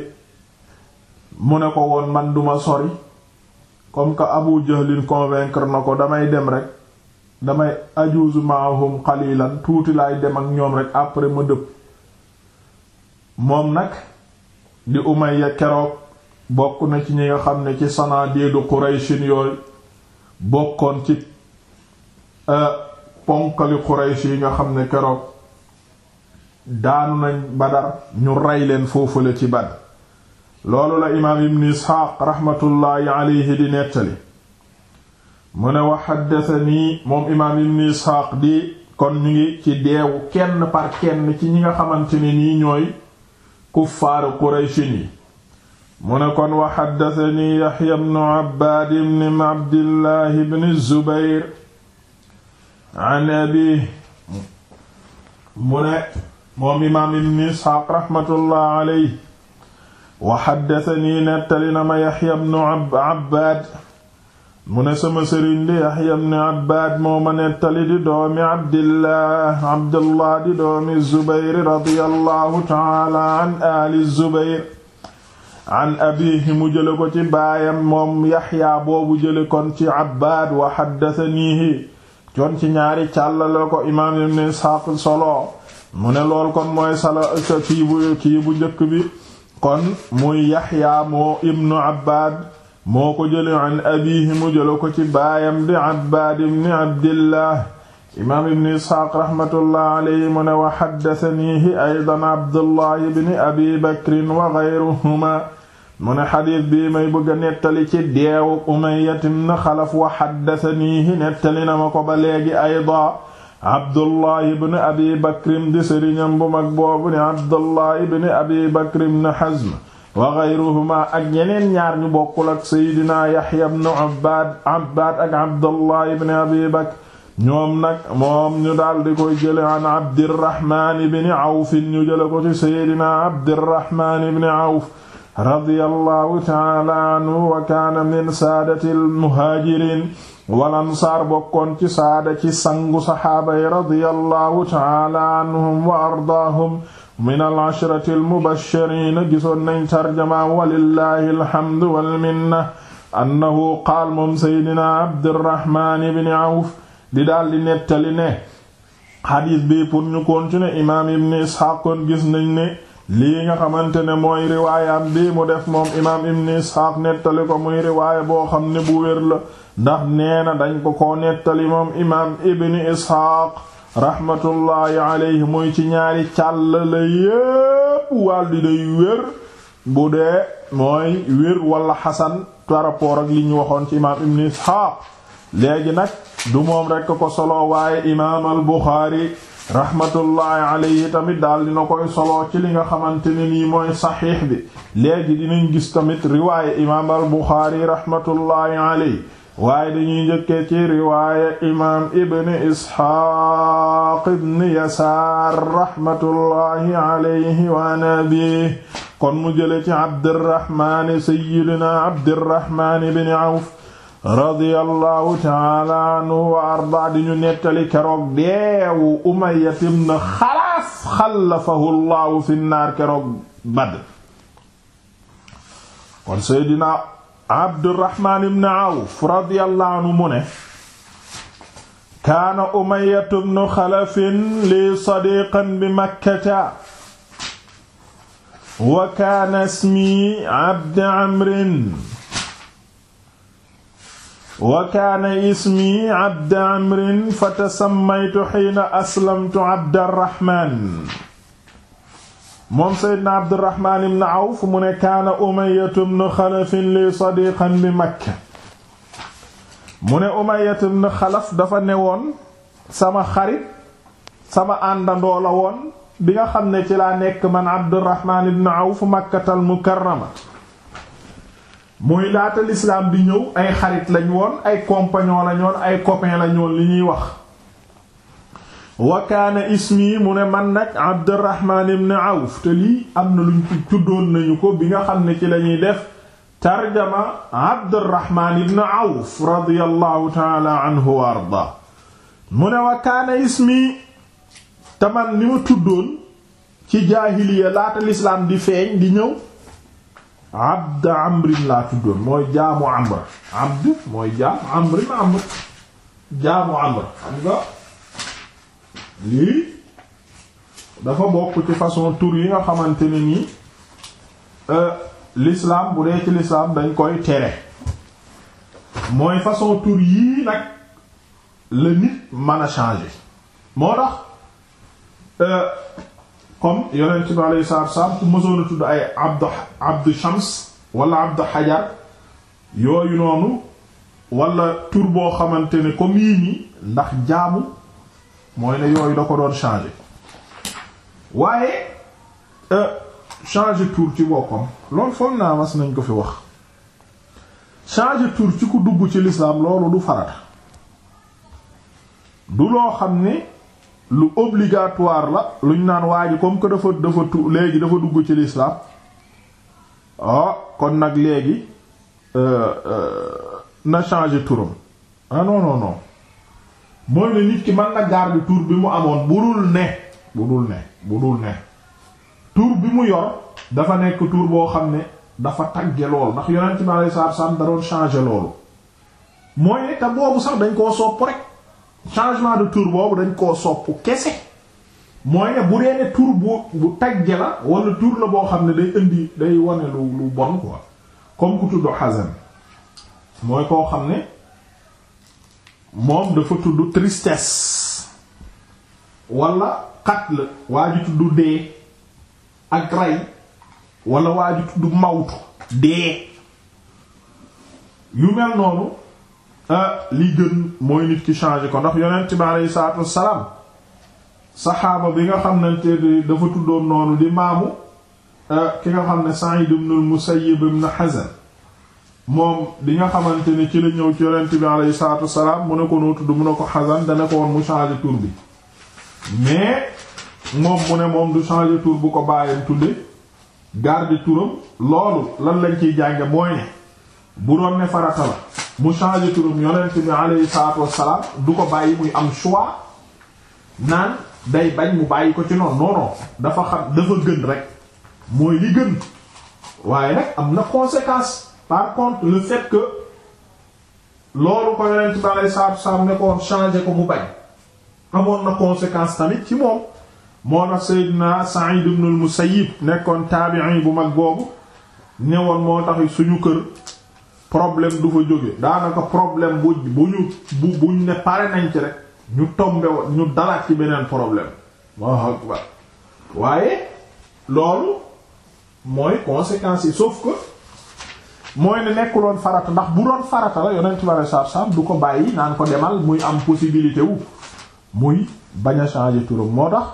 mu ne ko woon man duma sori comme que Abu Jahlin convaincre na ko damay dem rek damay ajuzu maahum qalilan tuuti laay dem ak ñoom rek après ma dëpp moom nag di Umayya keroog bokk na ci ñi nga xam ne ci sanaa déedu Qurayshin yooyu bokkoon ci euh, ponkali Quraysh yi nga xam ne keroog daanu nañ Badar ñu ray leen foofu la ci Badar loolu la imaam ibn Isxaaq raxmatullaahi alayhi di nettali mu ne wa xaddatanii moom imaam ibn Isxaaq di kon ñu ngi ci deewu kenn par kenn ci ñi nga xamante ne nii ñooy kuffaaru Quraysh yi mu ne kon wa xaddatani yaxya bnu abbaad ibn abdillah bn zubair an abi mu ne moom imaam ibn isxaaq raxmatullah aley wa xaddatani nettali na ma yaxya bnu abbaad mu ne sama sëriñ di yaxya bnu abbaad moo ma nettali di doomi abdillah abdullah di doomi zubair radiyallahu taala an ali zubair an abihi mu jële ko ci baayam moom yaxyaa boobu jële kon ci abbaad wa xaddataniihi jon ci ñaari càllale ko imaam ibn isxaaq solo mu ne lool kon mooy sala kii bu kii bu njëkk bi kon muy yaxyaa moo ibnu abbaad moo ko jële an abihi mu jële ko ci baayam bi abbaad ibn abdillah imaam ibn isxaaq raxmatullah alayhi mu ne wa xaddatanihi aydan abdullahi bni abi bakrin wa geyruhuma mu ne xadiis bii may bëgg a nettali ci deewu umayat ibn xalaf wa xaddatanihi nettali na ma ko ba léegi aydan abdullahi bni abi bakrin di sëriñam bu mag boobu ni abdullahi bni abi bakr ibn hazm wa geyruhuma ak ñeneen ñaar ñu bokkul ak seydina yaxya ibn abbaad abbaad ak abdullahi bni abi bakr ñoom nag moom ñu daal di koy jële an abdirrahman ibni awf ñu jële ko ci seydina abdirrahman ibni awf radiyallahu taala anhu wa kaana min saadati almuhaajiriin wal ansaar bokkoon ci saada ci sangu saxaaba yi radiyallahu taala anhum wa ardaahum min al-ashrati al-mubashshiriin gisoon nañ tarjama walillahi alhamdu wal minna annahu qaal moom seydina abdirrahman ibni awf di daal di nettali ne xadiis bi pour ñu continuer imaam ibn Isxaaq kon gis nañ ne lii nga xamante ne mooy riwaayam bi mu def moom imaam ibn Isxaaq nettali ko muy riwaaya boo xam ne bu wér la ndax nee na dañ ko koo nettali moom imaam ibn Isxaaq rahmatullahi alayhi muy ci ñaari càll la yépp wàldi day wér bu dee mooy wér wala xasan ak li ñu waxoon ci imaam ibn Isxaaq léegi nag du moom rekk ko solo waaye imaam al Buxaari rahmatullahi tamit daal dina koy solo ci li nga xamante ne nii saxiix bi léegi dinañ gis tamit riwaaye imaam al Buxaari rahmatullahi alayhi waaye dañuy njëkkee ci riwaaye imaam Ibn Isxaaq ibn Yasaar rahmatullahi alayhi wa nabi kon mu jële ci Abdirrahmaan sayyidina Abdirrahmaan ibn Awf radiyallahu taala anhu wa arda di ñu nettali keroog deewu Umayya ibn Xalaf xalafahu llahu fi naar keroog Badr kon Seydina Abdurrahman ibn Awf radiyallahu anhu mu ne kaana Umayya ibn Xalaf li sadiqan bi Makkata wa kaana ismi Abd Amrin wa kaana ismi abd amrin fa tasammaytu xiina aslamtu abdarrahman moom seydna abdirahman ibn awf mu ne kaana umayatu bnu xalafin li sadiqan bi makka mu ne umayatu bnu xalaf dafa newoon sama xarit sama àndandoo la woon bi nga xam ne ci laa nekk man abdirahman ibn awf makkatal mukarrama muy laata l'islam di ñëw ay xarit lañu woon ay compagnon lañ ay copain lañu woon li ñuy wax wa ismi mu ne man nag abdurrahman ibn awf te lii am na luñ ci tuddoon nañu ko bi nga xam ne ci lañuy def tarjama abdurrahman ibn awf radiyallahu taala anhu wa arda mu ne wa ismi te man li ma tuddoon ci jaahiliya laata l'islam di feeñ di ñëw abd amrin laa tuddoon mooy jaamu amr abd mooy jaam amrin amr jaamu amr xam nga lii dafa bokk ci façon tour yi nga xamante ne nii euh, l'islam bu dee ci l'islam dañ koy tere mooy façon tur yii nag la nit mën a changer moo tax euh, comme yonent bi alayhi salaatu salaam ku mësoon a tudd ay abd abd shams wala abd hajar yooyu noonu wala tur boo xamante ni comme yii nii ndax jaamu mooy ne yooyu da ko doon changer waaye euh, changer tur ci boppam loolu foog naa mas nañ ko fi wax changer tur ci ku dugg ci lislaam loolu du farata du loo xam ne lu obligatoire la lu ñu naan waa ji comme que dafa dafa tu léegi dafa dugg ci lislaam ah kon nag léegi euh, euh, na changer turam ah non non non mooy ne nit ki mën na garder tur bi mu amoon bu dul ne bu dul ne bu dul ne tur bi mu yor dafa nekk tur boo xam ne dafa tagge loolu ndax yonent bi alayhi salaatu wa salaam da doon changer loolu mooy ne boobu sax dañ koo sopp rek. changement de tur boobu dañ koo sopp kese mooy ne bu dee ne bu bu tagge la wala tur la boo xam ne day indi day wane lu lu bon quoi comme ku tudd xasan mooy koo xam ne moom dafa tudd tristesse wala qatl waa ji tudd dee ak rey wala waa ji tudd mawtu dee yu mel noonu lii gën mooy nit ki changé ko ndax yonent bi aleyhi salaatu wassalaam saxaaba bi nga xam ne dafa tuddoon noonu di maamu eh, ki nga xam ne sangi Sa'id mu al-Musayyib na Hazn moom di nga xamante ni ci la ñëw ci yonent bi aleyhi salaatu mu ne ko noo tudd mu ne ko Hazn dana ko woon mu changé tuur bi mais moom mu ne moom du changé tur bu ko bàyyam tuddi garde turam loolu lan lañ ciy jànge mooy ne bu doon ne farata la mu changé turum yonent bi alayhi salaatu wassalaam du ko bàyyi muy am choix naan day bañ mu bàyyi ko ci noonu non dafa xam dafa gën rek mooy li gën waaye nag am na conséquence par contre le fait que loolu ko yonent bi alayhi salaatu wassalaam ne ko changé ko mu bañ amoon na conséquence tamit ci moom moo tax Seydina Sa'id ibn al nekkoon taabi'i bu mag boobu ne moo tax suñu kër problème du fa jóge daanaka problème bu bu ñu bu buñ ne pare nañ ci rek ñu tombe ñu dalaat ci beneen problème waaw waaye loolu mooy conséquences yi sauf que mooy ne nekkuloon farata ndax bu doon farata la yonent bi saa saam du ko bàyyi naan ko demal muy am possibilité wu muy bañ a changer turam moo tax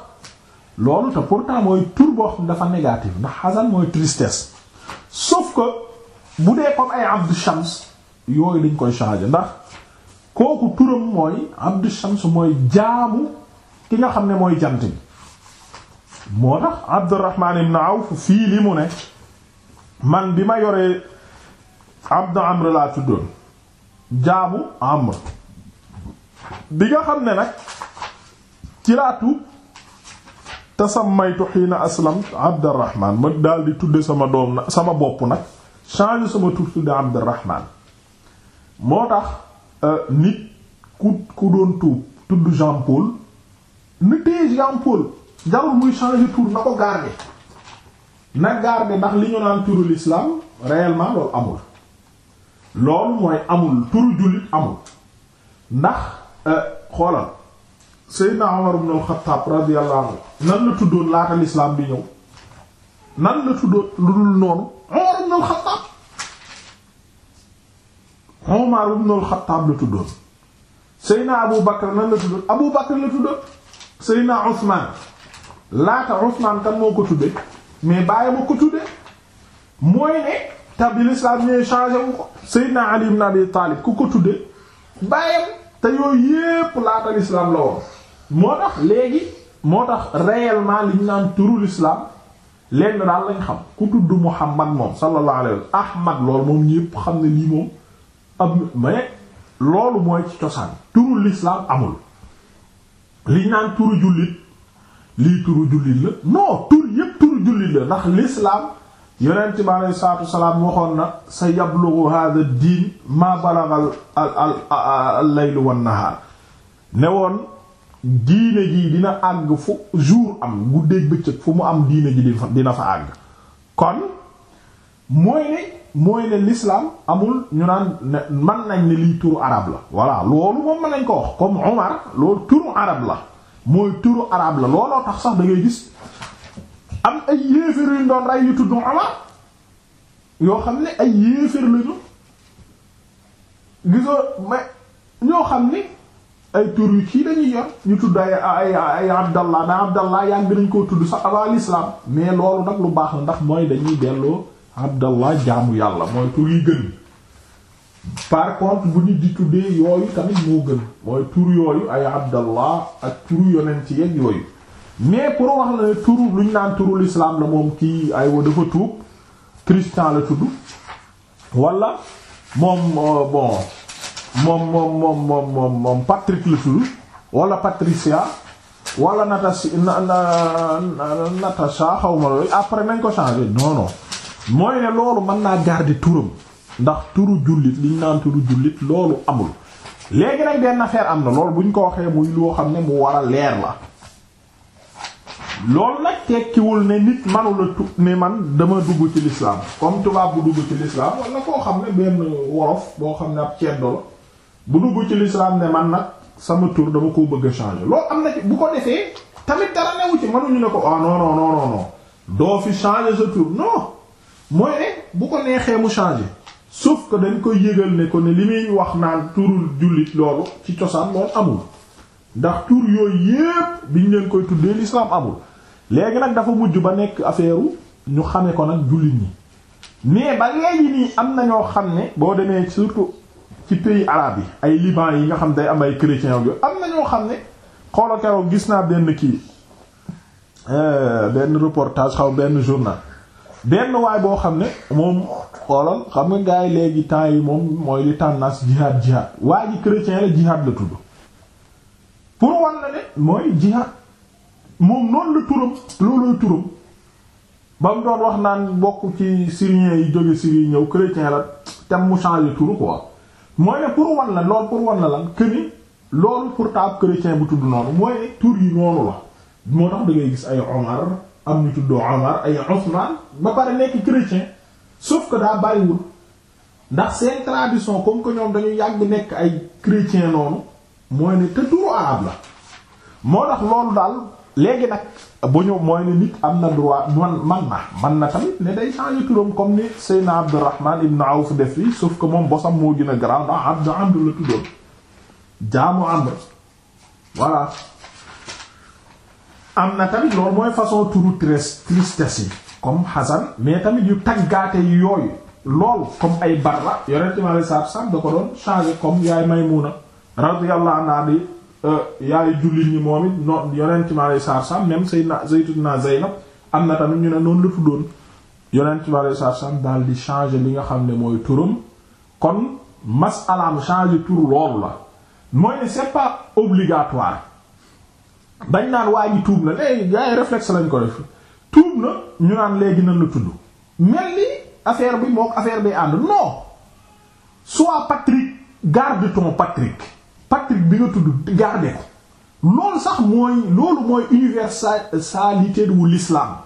loolu te pourtant mooy tur boo xam dafa négative ndax xasan mooy tristesse sauf que bu dee ko ay Abdu Shams yooyu lañ koy changer ndax kooku turam mooy Abdu Shams mooy jaamu ki nga xam ne mooy jant bi moo tax Abdurrahman ibn Awf fii li mu ne man bi ma yoree Abdu Amr laa tuddoon jaamu Amr bi nga xam ne nag ci laa tuub tasammaytu xiina aslam Abdurrahman ma daal di tudde sama doom na sama bopp nag change sama tur tudde Abdurrahman moo tax euh, nit ku ku doon tuub tudd Jean Paul na téye Jean Paul jarul muy changé tur na ko garder na garder ndax li ñu naan turu l'islam réellement loolu amul loolu mooy amul turu jullit amul ndax euh, xoolal Seydina Umar ibn al-Khattab nan la tuddoon laata l'islam bi ñëw nan la tuddoon lu dul noonu ibn al-Khattab Omar ibn la tuddoon Seyna Abu Bakr nan la tuddoon Abu Bakr la tuddoon Seyna Ousmane laata Ousmane kan moo ko tudde mais bàyyi ma ko tudde mooy ne Ali ibn Abi Talib ku ko tudde bàyyam te yooyu yépp laata l'islam la woon moo tax léegi moo tax réellement li ñu naan turu l'islam lenn daal lañ xam ku tudd Muhammad moom sallallahu alayhi wa Ahmad loolu moom yépp xam ne lii moom ab mais loolu mooy ci cosaan turu l'islam amul liñ naan turu jullit lii turu jullit la non tur yépp turu jullit la ndax l'islam yonent bi aleyhi salaatu wasalaam waxoon na sa yablugu hadha diin ma balagha al al al laylu wan ne woon diine ji dina àgg fu jour am guddeeg bëccëg fu mu am diine ji dina fa àgg kon mooy ne mooy ne l'islam amul ñu naan mën nañ ne lii turu arab la voilà loolu moom mën nañ ko wax comme loolu turu arab la mooy turu arab la looloo tax sax dangay gis am ay yéefér yu doon rey yu tudd yoo xam ne ay yéefér lañu gisoo mais ñoo xam ne ay tur yu kii dañuy yor ñu tudd ay ay ay abdallah na abdallah yàgg nañ koo tudd sa avant l'islam mais loolu nag lu baax la ndax mooy dañuy delloo abdallah jaamu yàlla mooy tur yi gën par contre bu ñu di tuddee yooyu tamit moo gën mooy tur yooyu ay abdallah ak turu yonent yeeg yooyu mais pour wax la ne turu lu ñu naan turu l'islam la moom kii ay wa dafa tuub christian la tudd wala moom euh, bon moom moom moom moom moom moom Patrick le tour wala Patricia walla Natasha Natasha xaw ma loolu après nañ ko changer non non mooy mën naa garder turam ndax turu jullit liñ naan turu jullit loolu amul léegi nag benn affaire am na loolu buñ ko waxee muy loo xam ne mu war a leer la loolu nag tekkiwul ne nit manula tu ne man dama dugg ci l'islam comme tubaab bu dugg ci l'islam wala koo xam ne benn wolof boo xam ne ab ceddo la bu dugg ci lislaam ne man nag sama tur dama ko bëgg a changer loolu am na ci bu ko defee tamit dara newu ci mënuñu ne ko ah non non non non doo fi changer sa tur non mooy bu ko neexee mu changer sauf que dañ koy yëgal ne ko ne li muy wax naa turul jullit loolu ci cosaan loolu amul ndax tur yooyu yépp biñ leen koy tuddee lislaam amul léegi nag dafa mujj ba nekk affaire ñu xamee ko nag jullit ñi mais ba léegi nii am na ñoo xam ne boo demee surtout. ci pays arabe yi ay Liban yi nga xam day am ay chrétiens am na ñoo xam ne xoola keroog gis naa benn kii euh, benn reportage xaw benn journal benn waay boo xam ne moom xoolal xam nga gars léegi temps yi moom mooy li tendance jihad jihad waa ji la jihad la tudd pour wan la ne mooy jihad moom noonu la turam loolooy turam ba doon wax naan bokk ci syriens yi jóge Syrie ñëw chrétien la tam mu changé turu quoi mooy ne pour wan la lool pour wan la lan que loolu pour taab chrétien bu tudd noonu mooy ne tur yi noonu la moo tax da ngay gis ay Omar am ñu tuddoo Omar ay Ousmane ba pare nekk chrétien sauf que daa bàyyiwul ndax seen tradition comme que ñoom dañu yàgg nekk ay chrétien noonu mooy ne te turu arabe la moo tax loolu daal léegi nag bu ñëw mooy ne nit am na droit man man na man na tamit ne day changer turam comme ni Seyna Abdurrahman ibn Awf def fii sauf que moom bosam moo gën a garaaw am na tamit loolu mooy façon turu tres tristesse yi comme Hasan mais tamit yu taggaate yu yooyu loolu comme ay Barra yonent mi alayhi salaatu da ko doon changer comme yaay Maymuna radiyallahu anha Euh, yaayu jullit ñi moom it non yonent mi alayhi sey na même Seydina na Zeynab am na tamit ñu ne noonu la tuddoon yonent mi alayhi salaatu salaam daal di changer li nga xam ne mooy turam kon masalaam changer tur loolu la mooy ne c'est pas obligatoire dañ naan waa ji tuub na léegi gars yi lañ ko def tuub na ñu naan léegi na la tudd mel ni affaire bi mook affaire bi ànd non sois Patrick garde ton Patrick. Patrick bi nga tudd garder ko loolu sax mooy loolu mooy universalité wu l'islam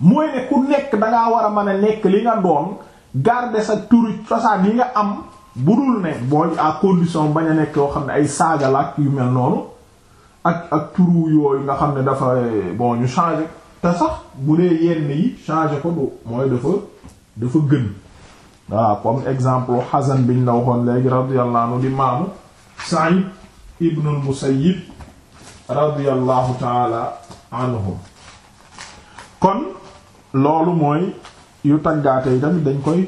mooy ne ku nekk da war a mën a nekk li nga doon garder sa turu cosaan yi nga am bu dul ne booy condition bañ a nekk yoo xam ne ay saaga la ak yu mel noonu ak ak turu yooyu nga xam ne dafa bon ñu changer te sax bu dee yenn yi changer ko du mooy dafa dafa gën waaw comme exemple xasan biñ la waxoon léegi radiyallahu anhu di maamu Sa'id ibn al-Musayyib radiyallahu taala anhum kon loolu mooy yu taggaate yi tamit dañ koy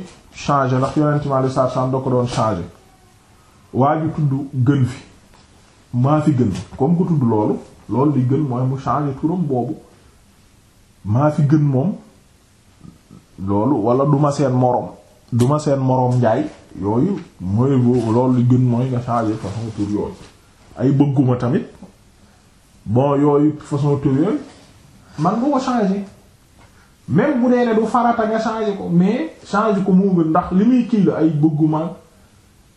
changé ndax yonent mi alayhi salaatu salaam ko doon changé waa ji tudd gën fi maa fi gën comme ko tudd loolu loolu li gën mooy mu changé turam boobu maa fi gën moom loolu wala duma seen moroom duma seen moroom njaay yooyu mooy loolu gën mooy nga changer façon tur yooyu ay bëgguma tamit bon yooyu façon tur yooyu man nga ko changer même bu dee ne du farata nga changer ko mais changer ko moo gën ndax li muy kii la ay bëgguma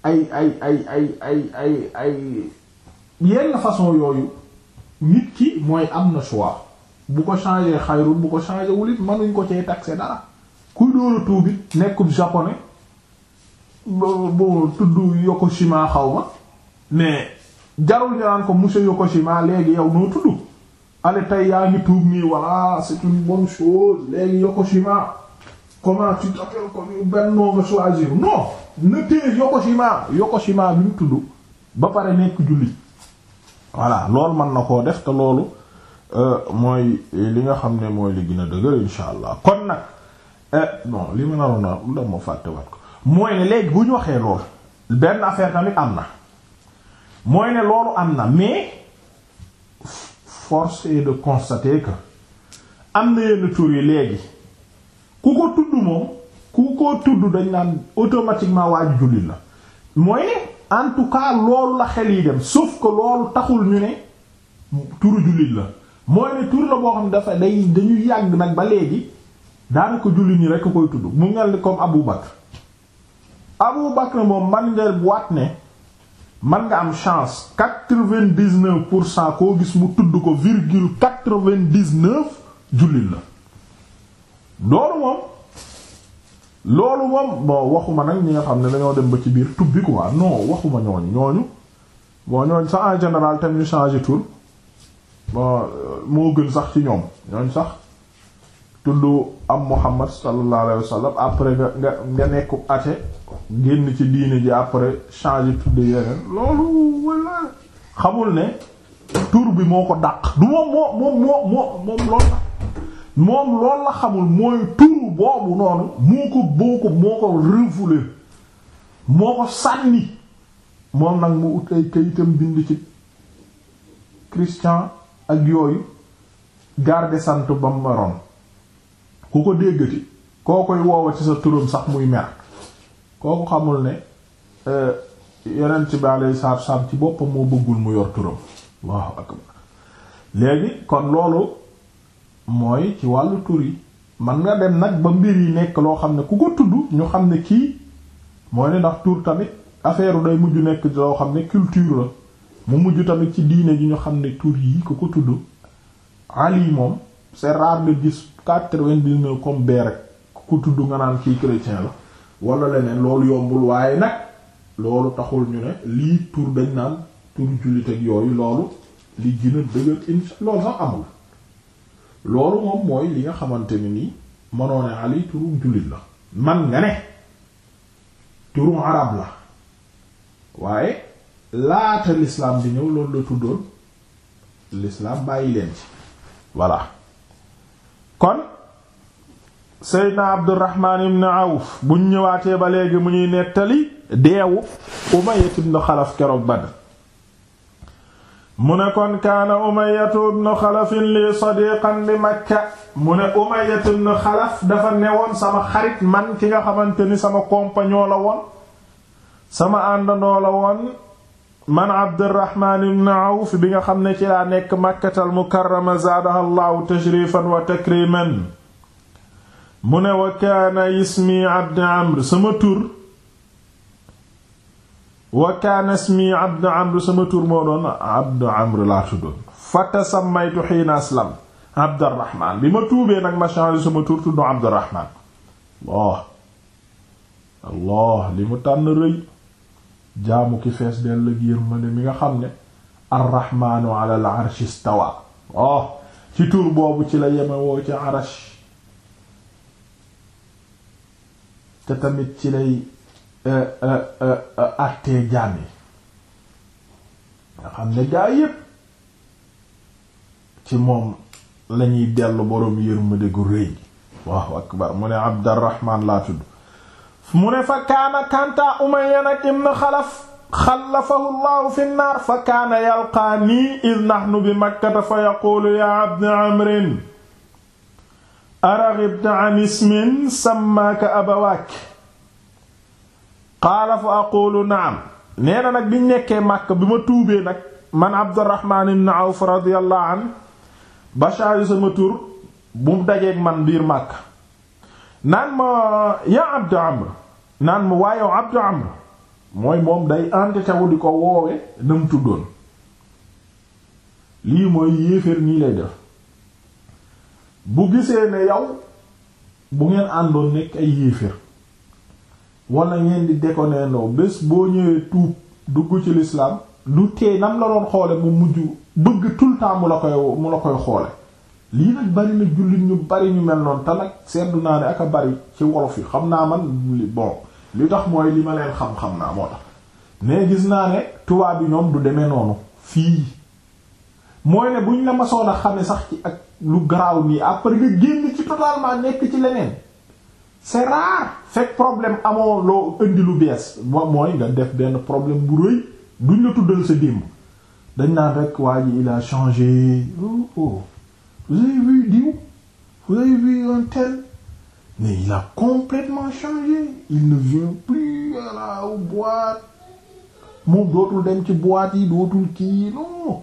ay ay ay ay ay ay ay yenn façon yooyu nit ki mooy am na choix bu ko changer xayrul bu ko changer wulit mënuñ ko cee taxer dara kuy dóora tuubit nekkub japonais bo tudd Yokoshima xaw ma mais jarul ñaan ko monsieur Yokoshima léegi yow noo tudd ale tey yaa ngi tuub nii voilà c'est une bonne chose léegi Yokoshima comment tu t'appelles comme benn nom nga choisir non na téye Yokoshima bi mu tudd ba pare nekk jullit voilà loolu mën na koo def te loolu euh, mooy li nga xam ne mooy li gën dëgër insha allah kon nag bon eh, li ma naroon a dama fàtte wat ko mooy ne léegi bu ñu waxee lool benn affaire tamit am na mooy ne loolu am na mais force est de constater que am na yenn tur yi léegi ku ko tudd moom ku ko tudd dañ naan automatiquement waaju jullit la mooy ne en tout cas loolu la xel yi dem sauf que loolu taxul ñu ne turu jullit la mooy ne tur la boo xam ne dafa day dañu yàgg nag ba léegi daanaka jullit ñi ku koy tudd mu ngel ni comme Abou Bakr Abu Bakr moom man nga waat ne man nga am chance quatre-vingt-dix-neuf pour cent koo gis mu tudd ko virgule quatre-vingt-dix-neuf jullit la loolu moom loolu moom bon waxuma nag ñi nga xam ne dañoo dem ba ci biir tubbi quoi non waxuma ñooñu ñooñu bon ñooñu sax en général tam ñu changer moo gën sax ci ñoom ñooñu sax tudd am Muhammad sallallahu alayhi wa sallam après nga nga nekk athée génn ci diini ji après changer tudd yeneen loolu wala xamul ne tur bi moo ko dàq du moom moo moom moo moom moo moo ko refoulé moo ko sànni moom nag mu ut ay kayitam bind ci christian ak yooyu garde sant ba mu maroon ku ko déggati koo koy woowa ci sa turam sax muy mer kooku xamul ne euh, yonent bi alayhi salaatu salaam ci boppam moo bëggul mu yor turam waaw akbar léegi kon loolu mooy ci wàllu tur yi man nga dem nag ba mbir yi nekk loo xam ne ku ko tudd ñu xam ne kii mooy ne ndax tur tamit affaire day mujj nekk loo xam ne culture la mu mujj tamit ci diine ji ñu xam ne tur yi ku ko tudd Ali moom c'est rare gis quatre-vingt-dix-neuf comme bee rek ku ko tudd nga naan kii chrétien la wala leneen loolu yombul waaye nag loolu taxul ñu ne lii tur dañ naan tur jullit ak yooyu loolu li gën a dëgër insha loolu sax amul loolu moom mooy li nga xamante ni nii mënoo ne Ali turu jullit la man nga ne turu arab la waaye laata l'islam di ñëw loolu la tuddoon l'islam bàyyi leen ci voilà kon seydna abdurrahman ibn awf buñ ñëwaatee ba léegi mu ñuy nettali deewu umayyat ibn xalaf keroog Badr mu ne kon kaana umayyatu ibn xalaf li sadiqan bi makka mu ne umayyat ibn xalaf dafa newoon sama xarit man ki nga xamante ni sama compagnon la woon sama àndandoo la woon man abdurrahman ibn awf bi nga xam ne ci laa nekk makkatal mukarrama zaadaha allahu tashrifan wa takriman mu ne wa kaana ismi abd amr sama tur wa kaana ismi abd amr sama tur moo doon abd amr laa tuddoon fata sammaytu xiina aslam abdarahman bi ma tuubee nag ma sama tur tudd abdarahman allah allah li mu tànn rëy jaamu ki fees del giir ma ne mi nga xam ne arrahmaanu ala al arshi istawa oh, ci tur boobu ci la yeme ci arash te tamit ci lay euh, euh, euh, àttee jaam yi nga xam ne gaa yépp ci moom lañuy dellu boroom yërmande gu rëy waaw akbar mu ne Abdurrahman laa tudd mu ne fa kaana kanta Umayya nag ibn Xalaf xalafahu llahu fi nnaar fa kaana yalqaanii iz nahnu bi Makkata fa yaquulu yaa abdi amrin araghibta an ismin sammaaka abawaak qaala fa aqulu naam nee na nag biñ nekkee màkk bi ma tuubee nag man abdurrahman biir màkk naan ma ya abdu amr naan ma waayow abdu amr mooy moom day entêtewu di ko woowe na mu lii mooy yéeféer nii lay def bu gisee ne yow bu ngeen àndoon nekk ay yéeféer wala ngeen di déconneendoo bés boo ñëwee tuub dugg ci lislaam du tee la doon xoole mu mujj bëgg tout le temps mu la koy mu la koy xoole lii nag bari na jullit ñu bari ñu mel noonu te nag naa ne ak a bari ci wolof yi xam naa man bon li tax mooy li ma leen xam-xam naa moo tax mais gis naa ne tubaab bi ñoom du demee noonu fii mooy ne buñ la masoon a xame sax ci ak lu garaaw nii après nga génn ci totalement nekk ci leneen c'est rare fekk problème amoo loo indi lu bees mooy nga def benn problème bu rëy duñ la tuddal sa démb dañ naan rek waa ji il a changé oh oh vous avez vu diw vous avez vu un mais il a complètement changé il ne vient plus à la moom dootul dem ci boîte yi dootul kii non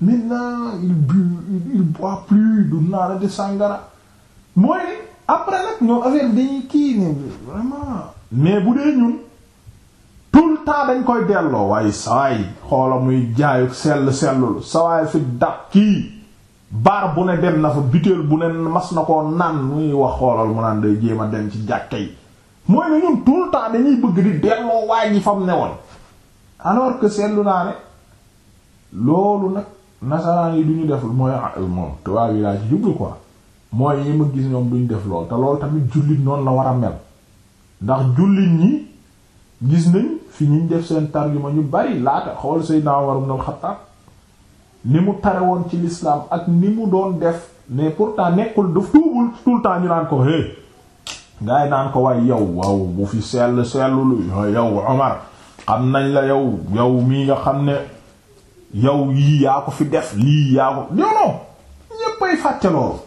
maintenant il bu il boit plus du naara de sangara mooy après nag ñoom affaire dañuy kii ne vraiment mais bu dee ñun tout dañ koy delloo waaye sawaay xoola muy jaayu sell sellul sawaay fi dab kii baar bu ne dem na fa butéel bu ne mas na koo naan ñuy wax xoolal mu naan day jéem a dem ci jàkke yi mooy ne ñun tout le temps dañuy bëgg di delloo waa ji fam ne woon alors que seetlu naa ne loolu nag nasaraan yi du ñu def mooy ah, euh, moom tubaab yi laa ci jublu quoi mooy yi ma gis ñoom duñ def lool te loolu tamit jullit noonu la war a mel ndax jullit ñi gis nañ fi ñu def seen ma ñu bari laata xool Seydina Umar ibn al ni mu tare woon ci l'islam ak ni mu doon def mais pourtant nekkul daf tuubul tout ñu naan ko hé gars naan ko waaye yow waaw bu fi sell sellul yow Omar xam nañ la yow yow mii nga xam ne yow yii yaa ko fi def lii yaa ko non non ñéppay fàtte loolu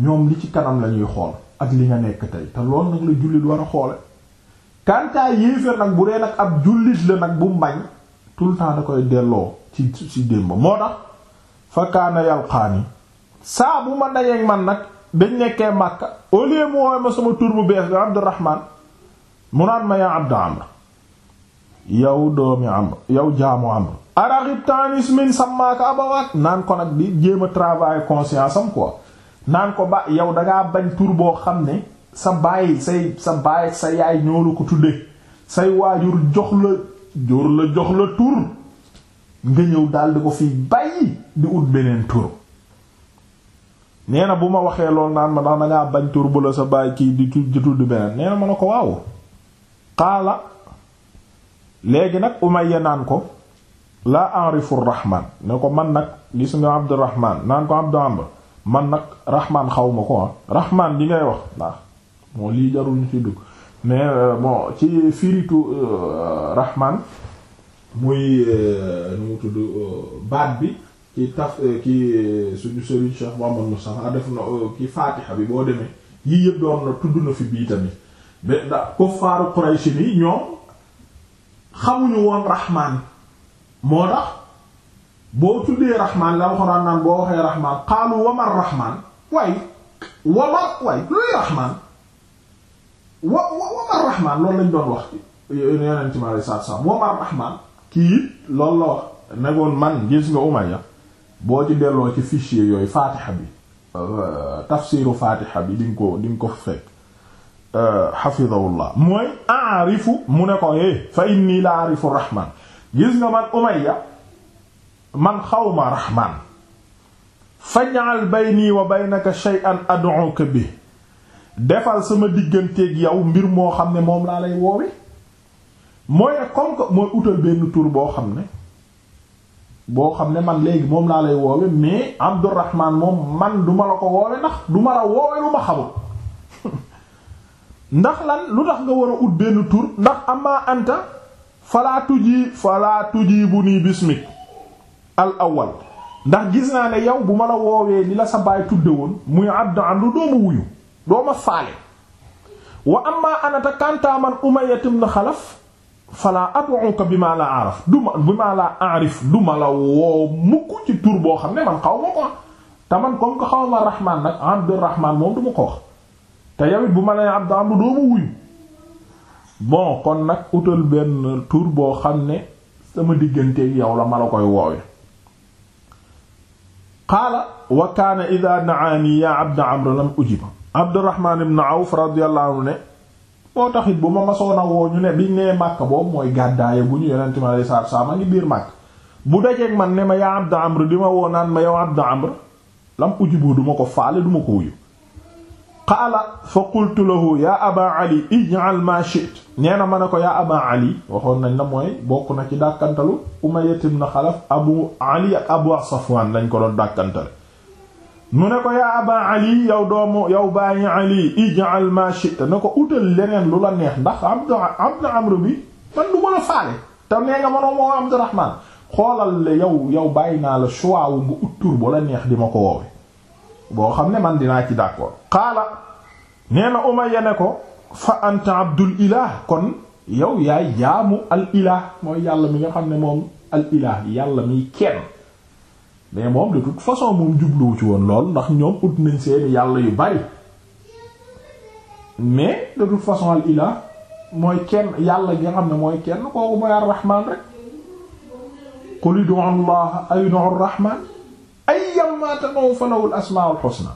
ñoom li ci kanam la ñuy xool ak li nga nekk tey te loolu nag la jullit war a xoole kantaay yéeféer nag bu dee nag ab jullit la nag bu mbañ tout le temps da koy delloo ci ci démb moo tax fa kaana yalqaani saa bu ma dajeek man nag dañ nekkee Makka au mu woowe ma sama tur bu bees bi Abdurrahman mu naan ma yaa Abdu Amr yow doomi am yow jaamu Amr araghibta an ismin sammaaka abawaak naan ko nag bi jéem a travail conscience am ko naan ko ba yow dangaa bañ tur boo xam ne sa baay say sa baay ak sa yaay ñoo la ko tudde say waajur jox la jur la jox la tur nga ñëw daal di ko fi bàyyi di ut beneen tur nee na bu ma waxee lool naan ma ndax dangaa bañ tur bu la sa baay kii di tudd beneen nee na ma ne ko waaw xaala léegi nag Umayya naan ko laa arifu rahman ne ko man nag gis nga Abdurrahman naan ko Abdu Amr man nag rahman xaw ma ko ah rahman di ngay wax ndax moo lii jaruñu ci dugg mais euh, bon ci firitu euh, rahman muy euh, nu mu tudd baat bi ci taf ki suñu sëriñ Cheikh Mouhamadou Moustapha ah, def na ki Fatiha bi boo demee yii yëpp doon na tudd na fi bii tamit ba ndax kuffaaru Quraysh ni ñoom xamuñu woon raxmaan moo tax boo tuddee raxmaan la alxuraan naan boo waxee raxmaan xaalu wamar raxmaan waaye luy raxmaan wa raxmaan loolu lañ doon wax yonent mi alayhi salaatu salaam wamar raxmaan kii loolu la wax negoon man gis nga Umayya boo ci delloo ci fichier yooyu faatiha bi euh, tafsiru faatiha bi di nga ko di nga ko fekk hafidahullah mooy aarifu mu ne ko é eh, fa inni la aarifu rahman gis nga man umayya man xawma rahman faj'al bayni wa baynaka shay'an ad'uka bi defal sama digganteeg yow mbir moo xam ne moom laa lay woowe mooy nag comme mooy utal benn tur boo xam ne boo xam ne man léegi moom laa lay woowe mais abdurrahman moom man duma la ko woowe ndax duma la woowe lu ma xamul ndax lan lu tax nga war a ut benn tur ndax amma anta falaa tuji falaa tuji bu nii bismik al ndax gis naa ne yow bu ma la woowee li la sa baay tudde woon muy abdu amru dooma wuyu dooma faale wa amma anata kantaa man umayyatum na xalaf falaa abuka bi ma la araf du ma bi ma la arif du ma la woo mukk ci tur boo xam ne man xaw ma ko te man comme que xaw ma rahmaan nag abdurahmaan moom du ma ko wax te yow bu ma nee abdu abdu doo wuyu bon kon nag utal benn tur boo xam ne sama digganteeg yow la ma la koy woowe qaala wa kaana ida daani ya abda amr lam ujiba abdurahmaan ibn awf radiyallahu anhu ne moo taxit bu ma masoona woo ñu ne biñ nee màkk boobu mooy gàddaaye gu ñu yonente mi alei satu salaam ngi biir màkk bu dajeeg man ne ma yaa abda amr di ma woo naan ma yow abda amr lam ujibu duma ko faale ma ko wuyu qaala fa qultu lahu ya aba ali ij'al ma shi'ta nee na ma ne ko yaa aba ali waxoon nañ la mooy bokk na ci dàkkantalu umayya ibn xalaf abu ali abu safwan lañ ko doon dàkkantale mu ne ko yaa aba ali yow doomu yow bàyyi ali ij'al ma shi'ta na ko utal leneen lu la neex ndax abdu abdu amru bi man du ma la faale te nee nga mënoo moo abdurahman xoolal le yow yow bàyyi naa la choix wu nga ut tur la neex di ma ko woowe boo xam ne man dinaa ci d'accord qaala nee na Umayya ne ko fa anta abdul ilah kon yow yaay jaamu al ilah mooy yàlla mi nga xam ne moom al ilah yàlla miy kenn mais moom de toute façon moom jubluwu ci woon lool ndax ñoom ut nañ seeni yàlla yu bari mais de toute façon al ilah mooy kenn yàlla gi nga xam ne mooy kenn kooku mooy ar rahman rek qul ud'u allah ay ud'u ar ayyam maatanoo falawul asmaul husna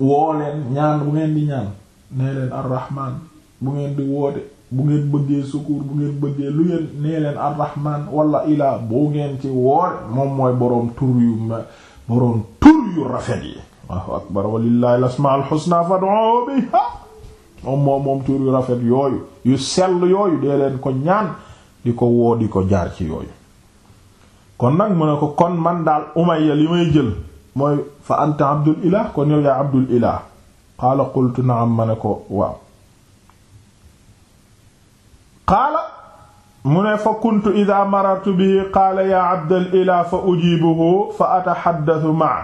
woo leen ñaan bu ngeen di ñaan nee leen arrahman bu ngeen di woote bu ngeen bëggee secours bu ngeen bëggee lu ngeen nee leen arrahman wala ilaa boo ngeen ci woote moom mooy boroom tur yu boroom tur yu rafet yi Allahu akbar walillahi al-asmaul husna fad'u moom moom yu rafet yooyu yu sell yooyu dee leen ko ñaan di ko woo di ko jaar ci yooyu kon nag mu ne ko kon man daal umayya li may jël mooy fa anta abdul ilah kon yow yaa abdul ilah qaala qultu naam ma ne ko waaw qaala mu ne fa kuntu ida marartu bihi qaala yaa abdal ilah fa ujibuhu fa ataxaddasu maa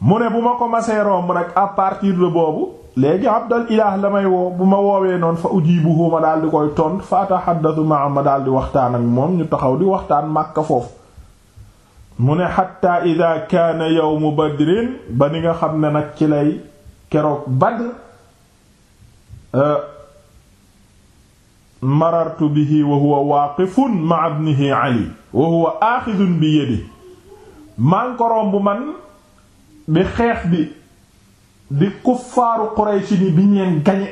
mu ne bu ma ko masee romb nag à partir boobu léegi abdal ilah la may woo bu ma woowee noonu fa ujibuhu ma daal di koy ton fa ataxaddatu ma ma daal di waxtaan ak moom ñu taxaw di waxtaan màkk foofu mu ne xatta ida yow mu badrin ba ni nga xam ne nag ci lay keroog badr euh, marartu bihi wa huwa waaqifun ma ibnihi ali wa huwa aaxidun bi yadihi maa ngi man bi xeex bi di kuffaaru Quraysh bi ñeen gañe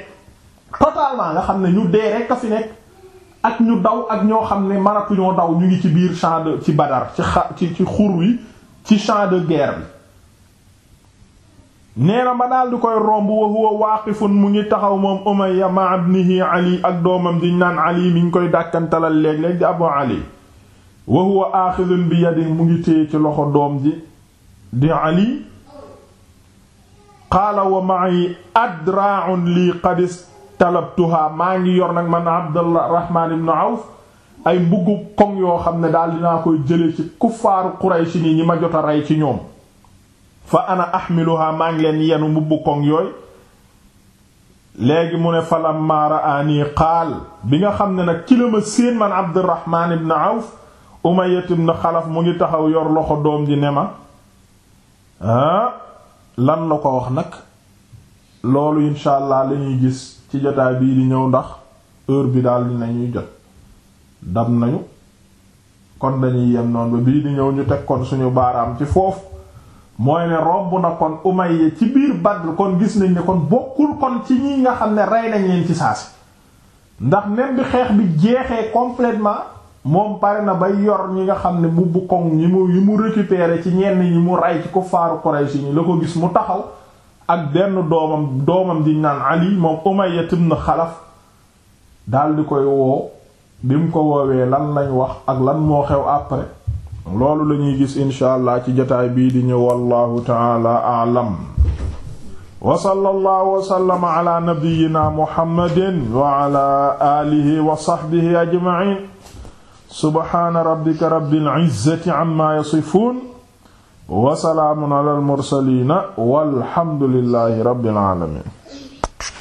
totalement nga xam ne ñu dee rek a fi nekk ak ñu daw ak ñoo xam ne maratuñoo daw ñu ngi ci biir champ ci Badar ci xa ci ci xur wi ci champ de guerre bi nee na ma daal di koy romb wa huwa mu ngi taxaw moom Umayya ma ibnihi Ali ak doomam di naan Ali mi ngi koy dàkkantalal léeg-léeg di Abu Ali wa huwa aaxidun bi yadihi mu ngi téye ci loxo doom ji di Ali qaala wa ma'i adraa'un lii qad istalabtuhaa maa ngi yor nag man Abdullah Rahmaan ibn Awf ay mbuggu koŋ yoo xam ne daal dinaa koy jële ci kuffaaru Qurayshi nii ñi ma jot rey ci ñoom fa ana ahmiluhaa maa ngi leen yenu mbubbu koŋ yooyu léegi mu ne falammaa ra'aanii qaal bi nga xam ne nag ci ma séen man Abdurrahmaan ibn Awf Umayya ibn Xalaf mu ngi taxaw yor loxo doom di ne ma ah, lan la ko wax nag loolu incha allah la gis ci jotaay bii di ñëw ndax heure bi daal dinañuy jot dam nañu kon dañuy yem noonu ba bii di ñëw ñu teg kon suñu baaraam ci foofu mooy ne romb na kon Umayya ci biir Badr kon gis nañ ne kon bokkul kon ci ñi nga xam ne rey nañ leen ci saasi ndax même bi xeex bi jeexee complètement moom pare na ba yor ñi nga xam ne bu koŋ ñi mu yi ci ñenn ñi mu rey ci kuffaaru Quraysh ñi la ko gis mu taxaw ak benn doomam doomam di naan Ali moom Umayya ibn Xalaf dal di koy woo bi mu ko woowee lan lañ wax ak lan moo xew après loolu lañuy gis insha ci jotaay bii di ñëw wallahu ta'ala a'lam wa sallallahu wa sallama ala nabiyyina muhammadin wa ala wa sahbihi ajma'in subhaana rabbika rabbil izzati amma yasifuun wa salaamun alal mursaliina walhamdulillahi rabbil aalamiin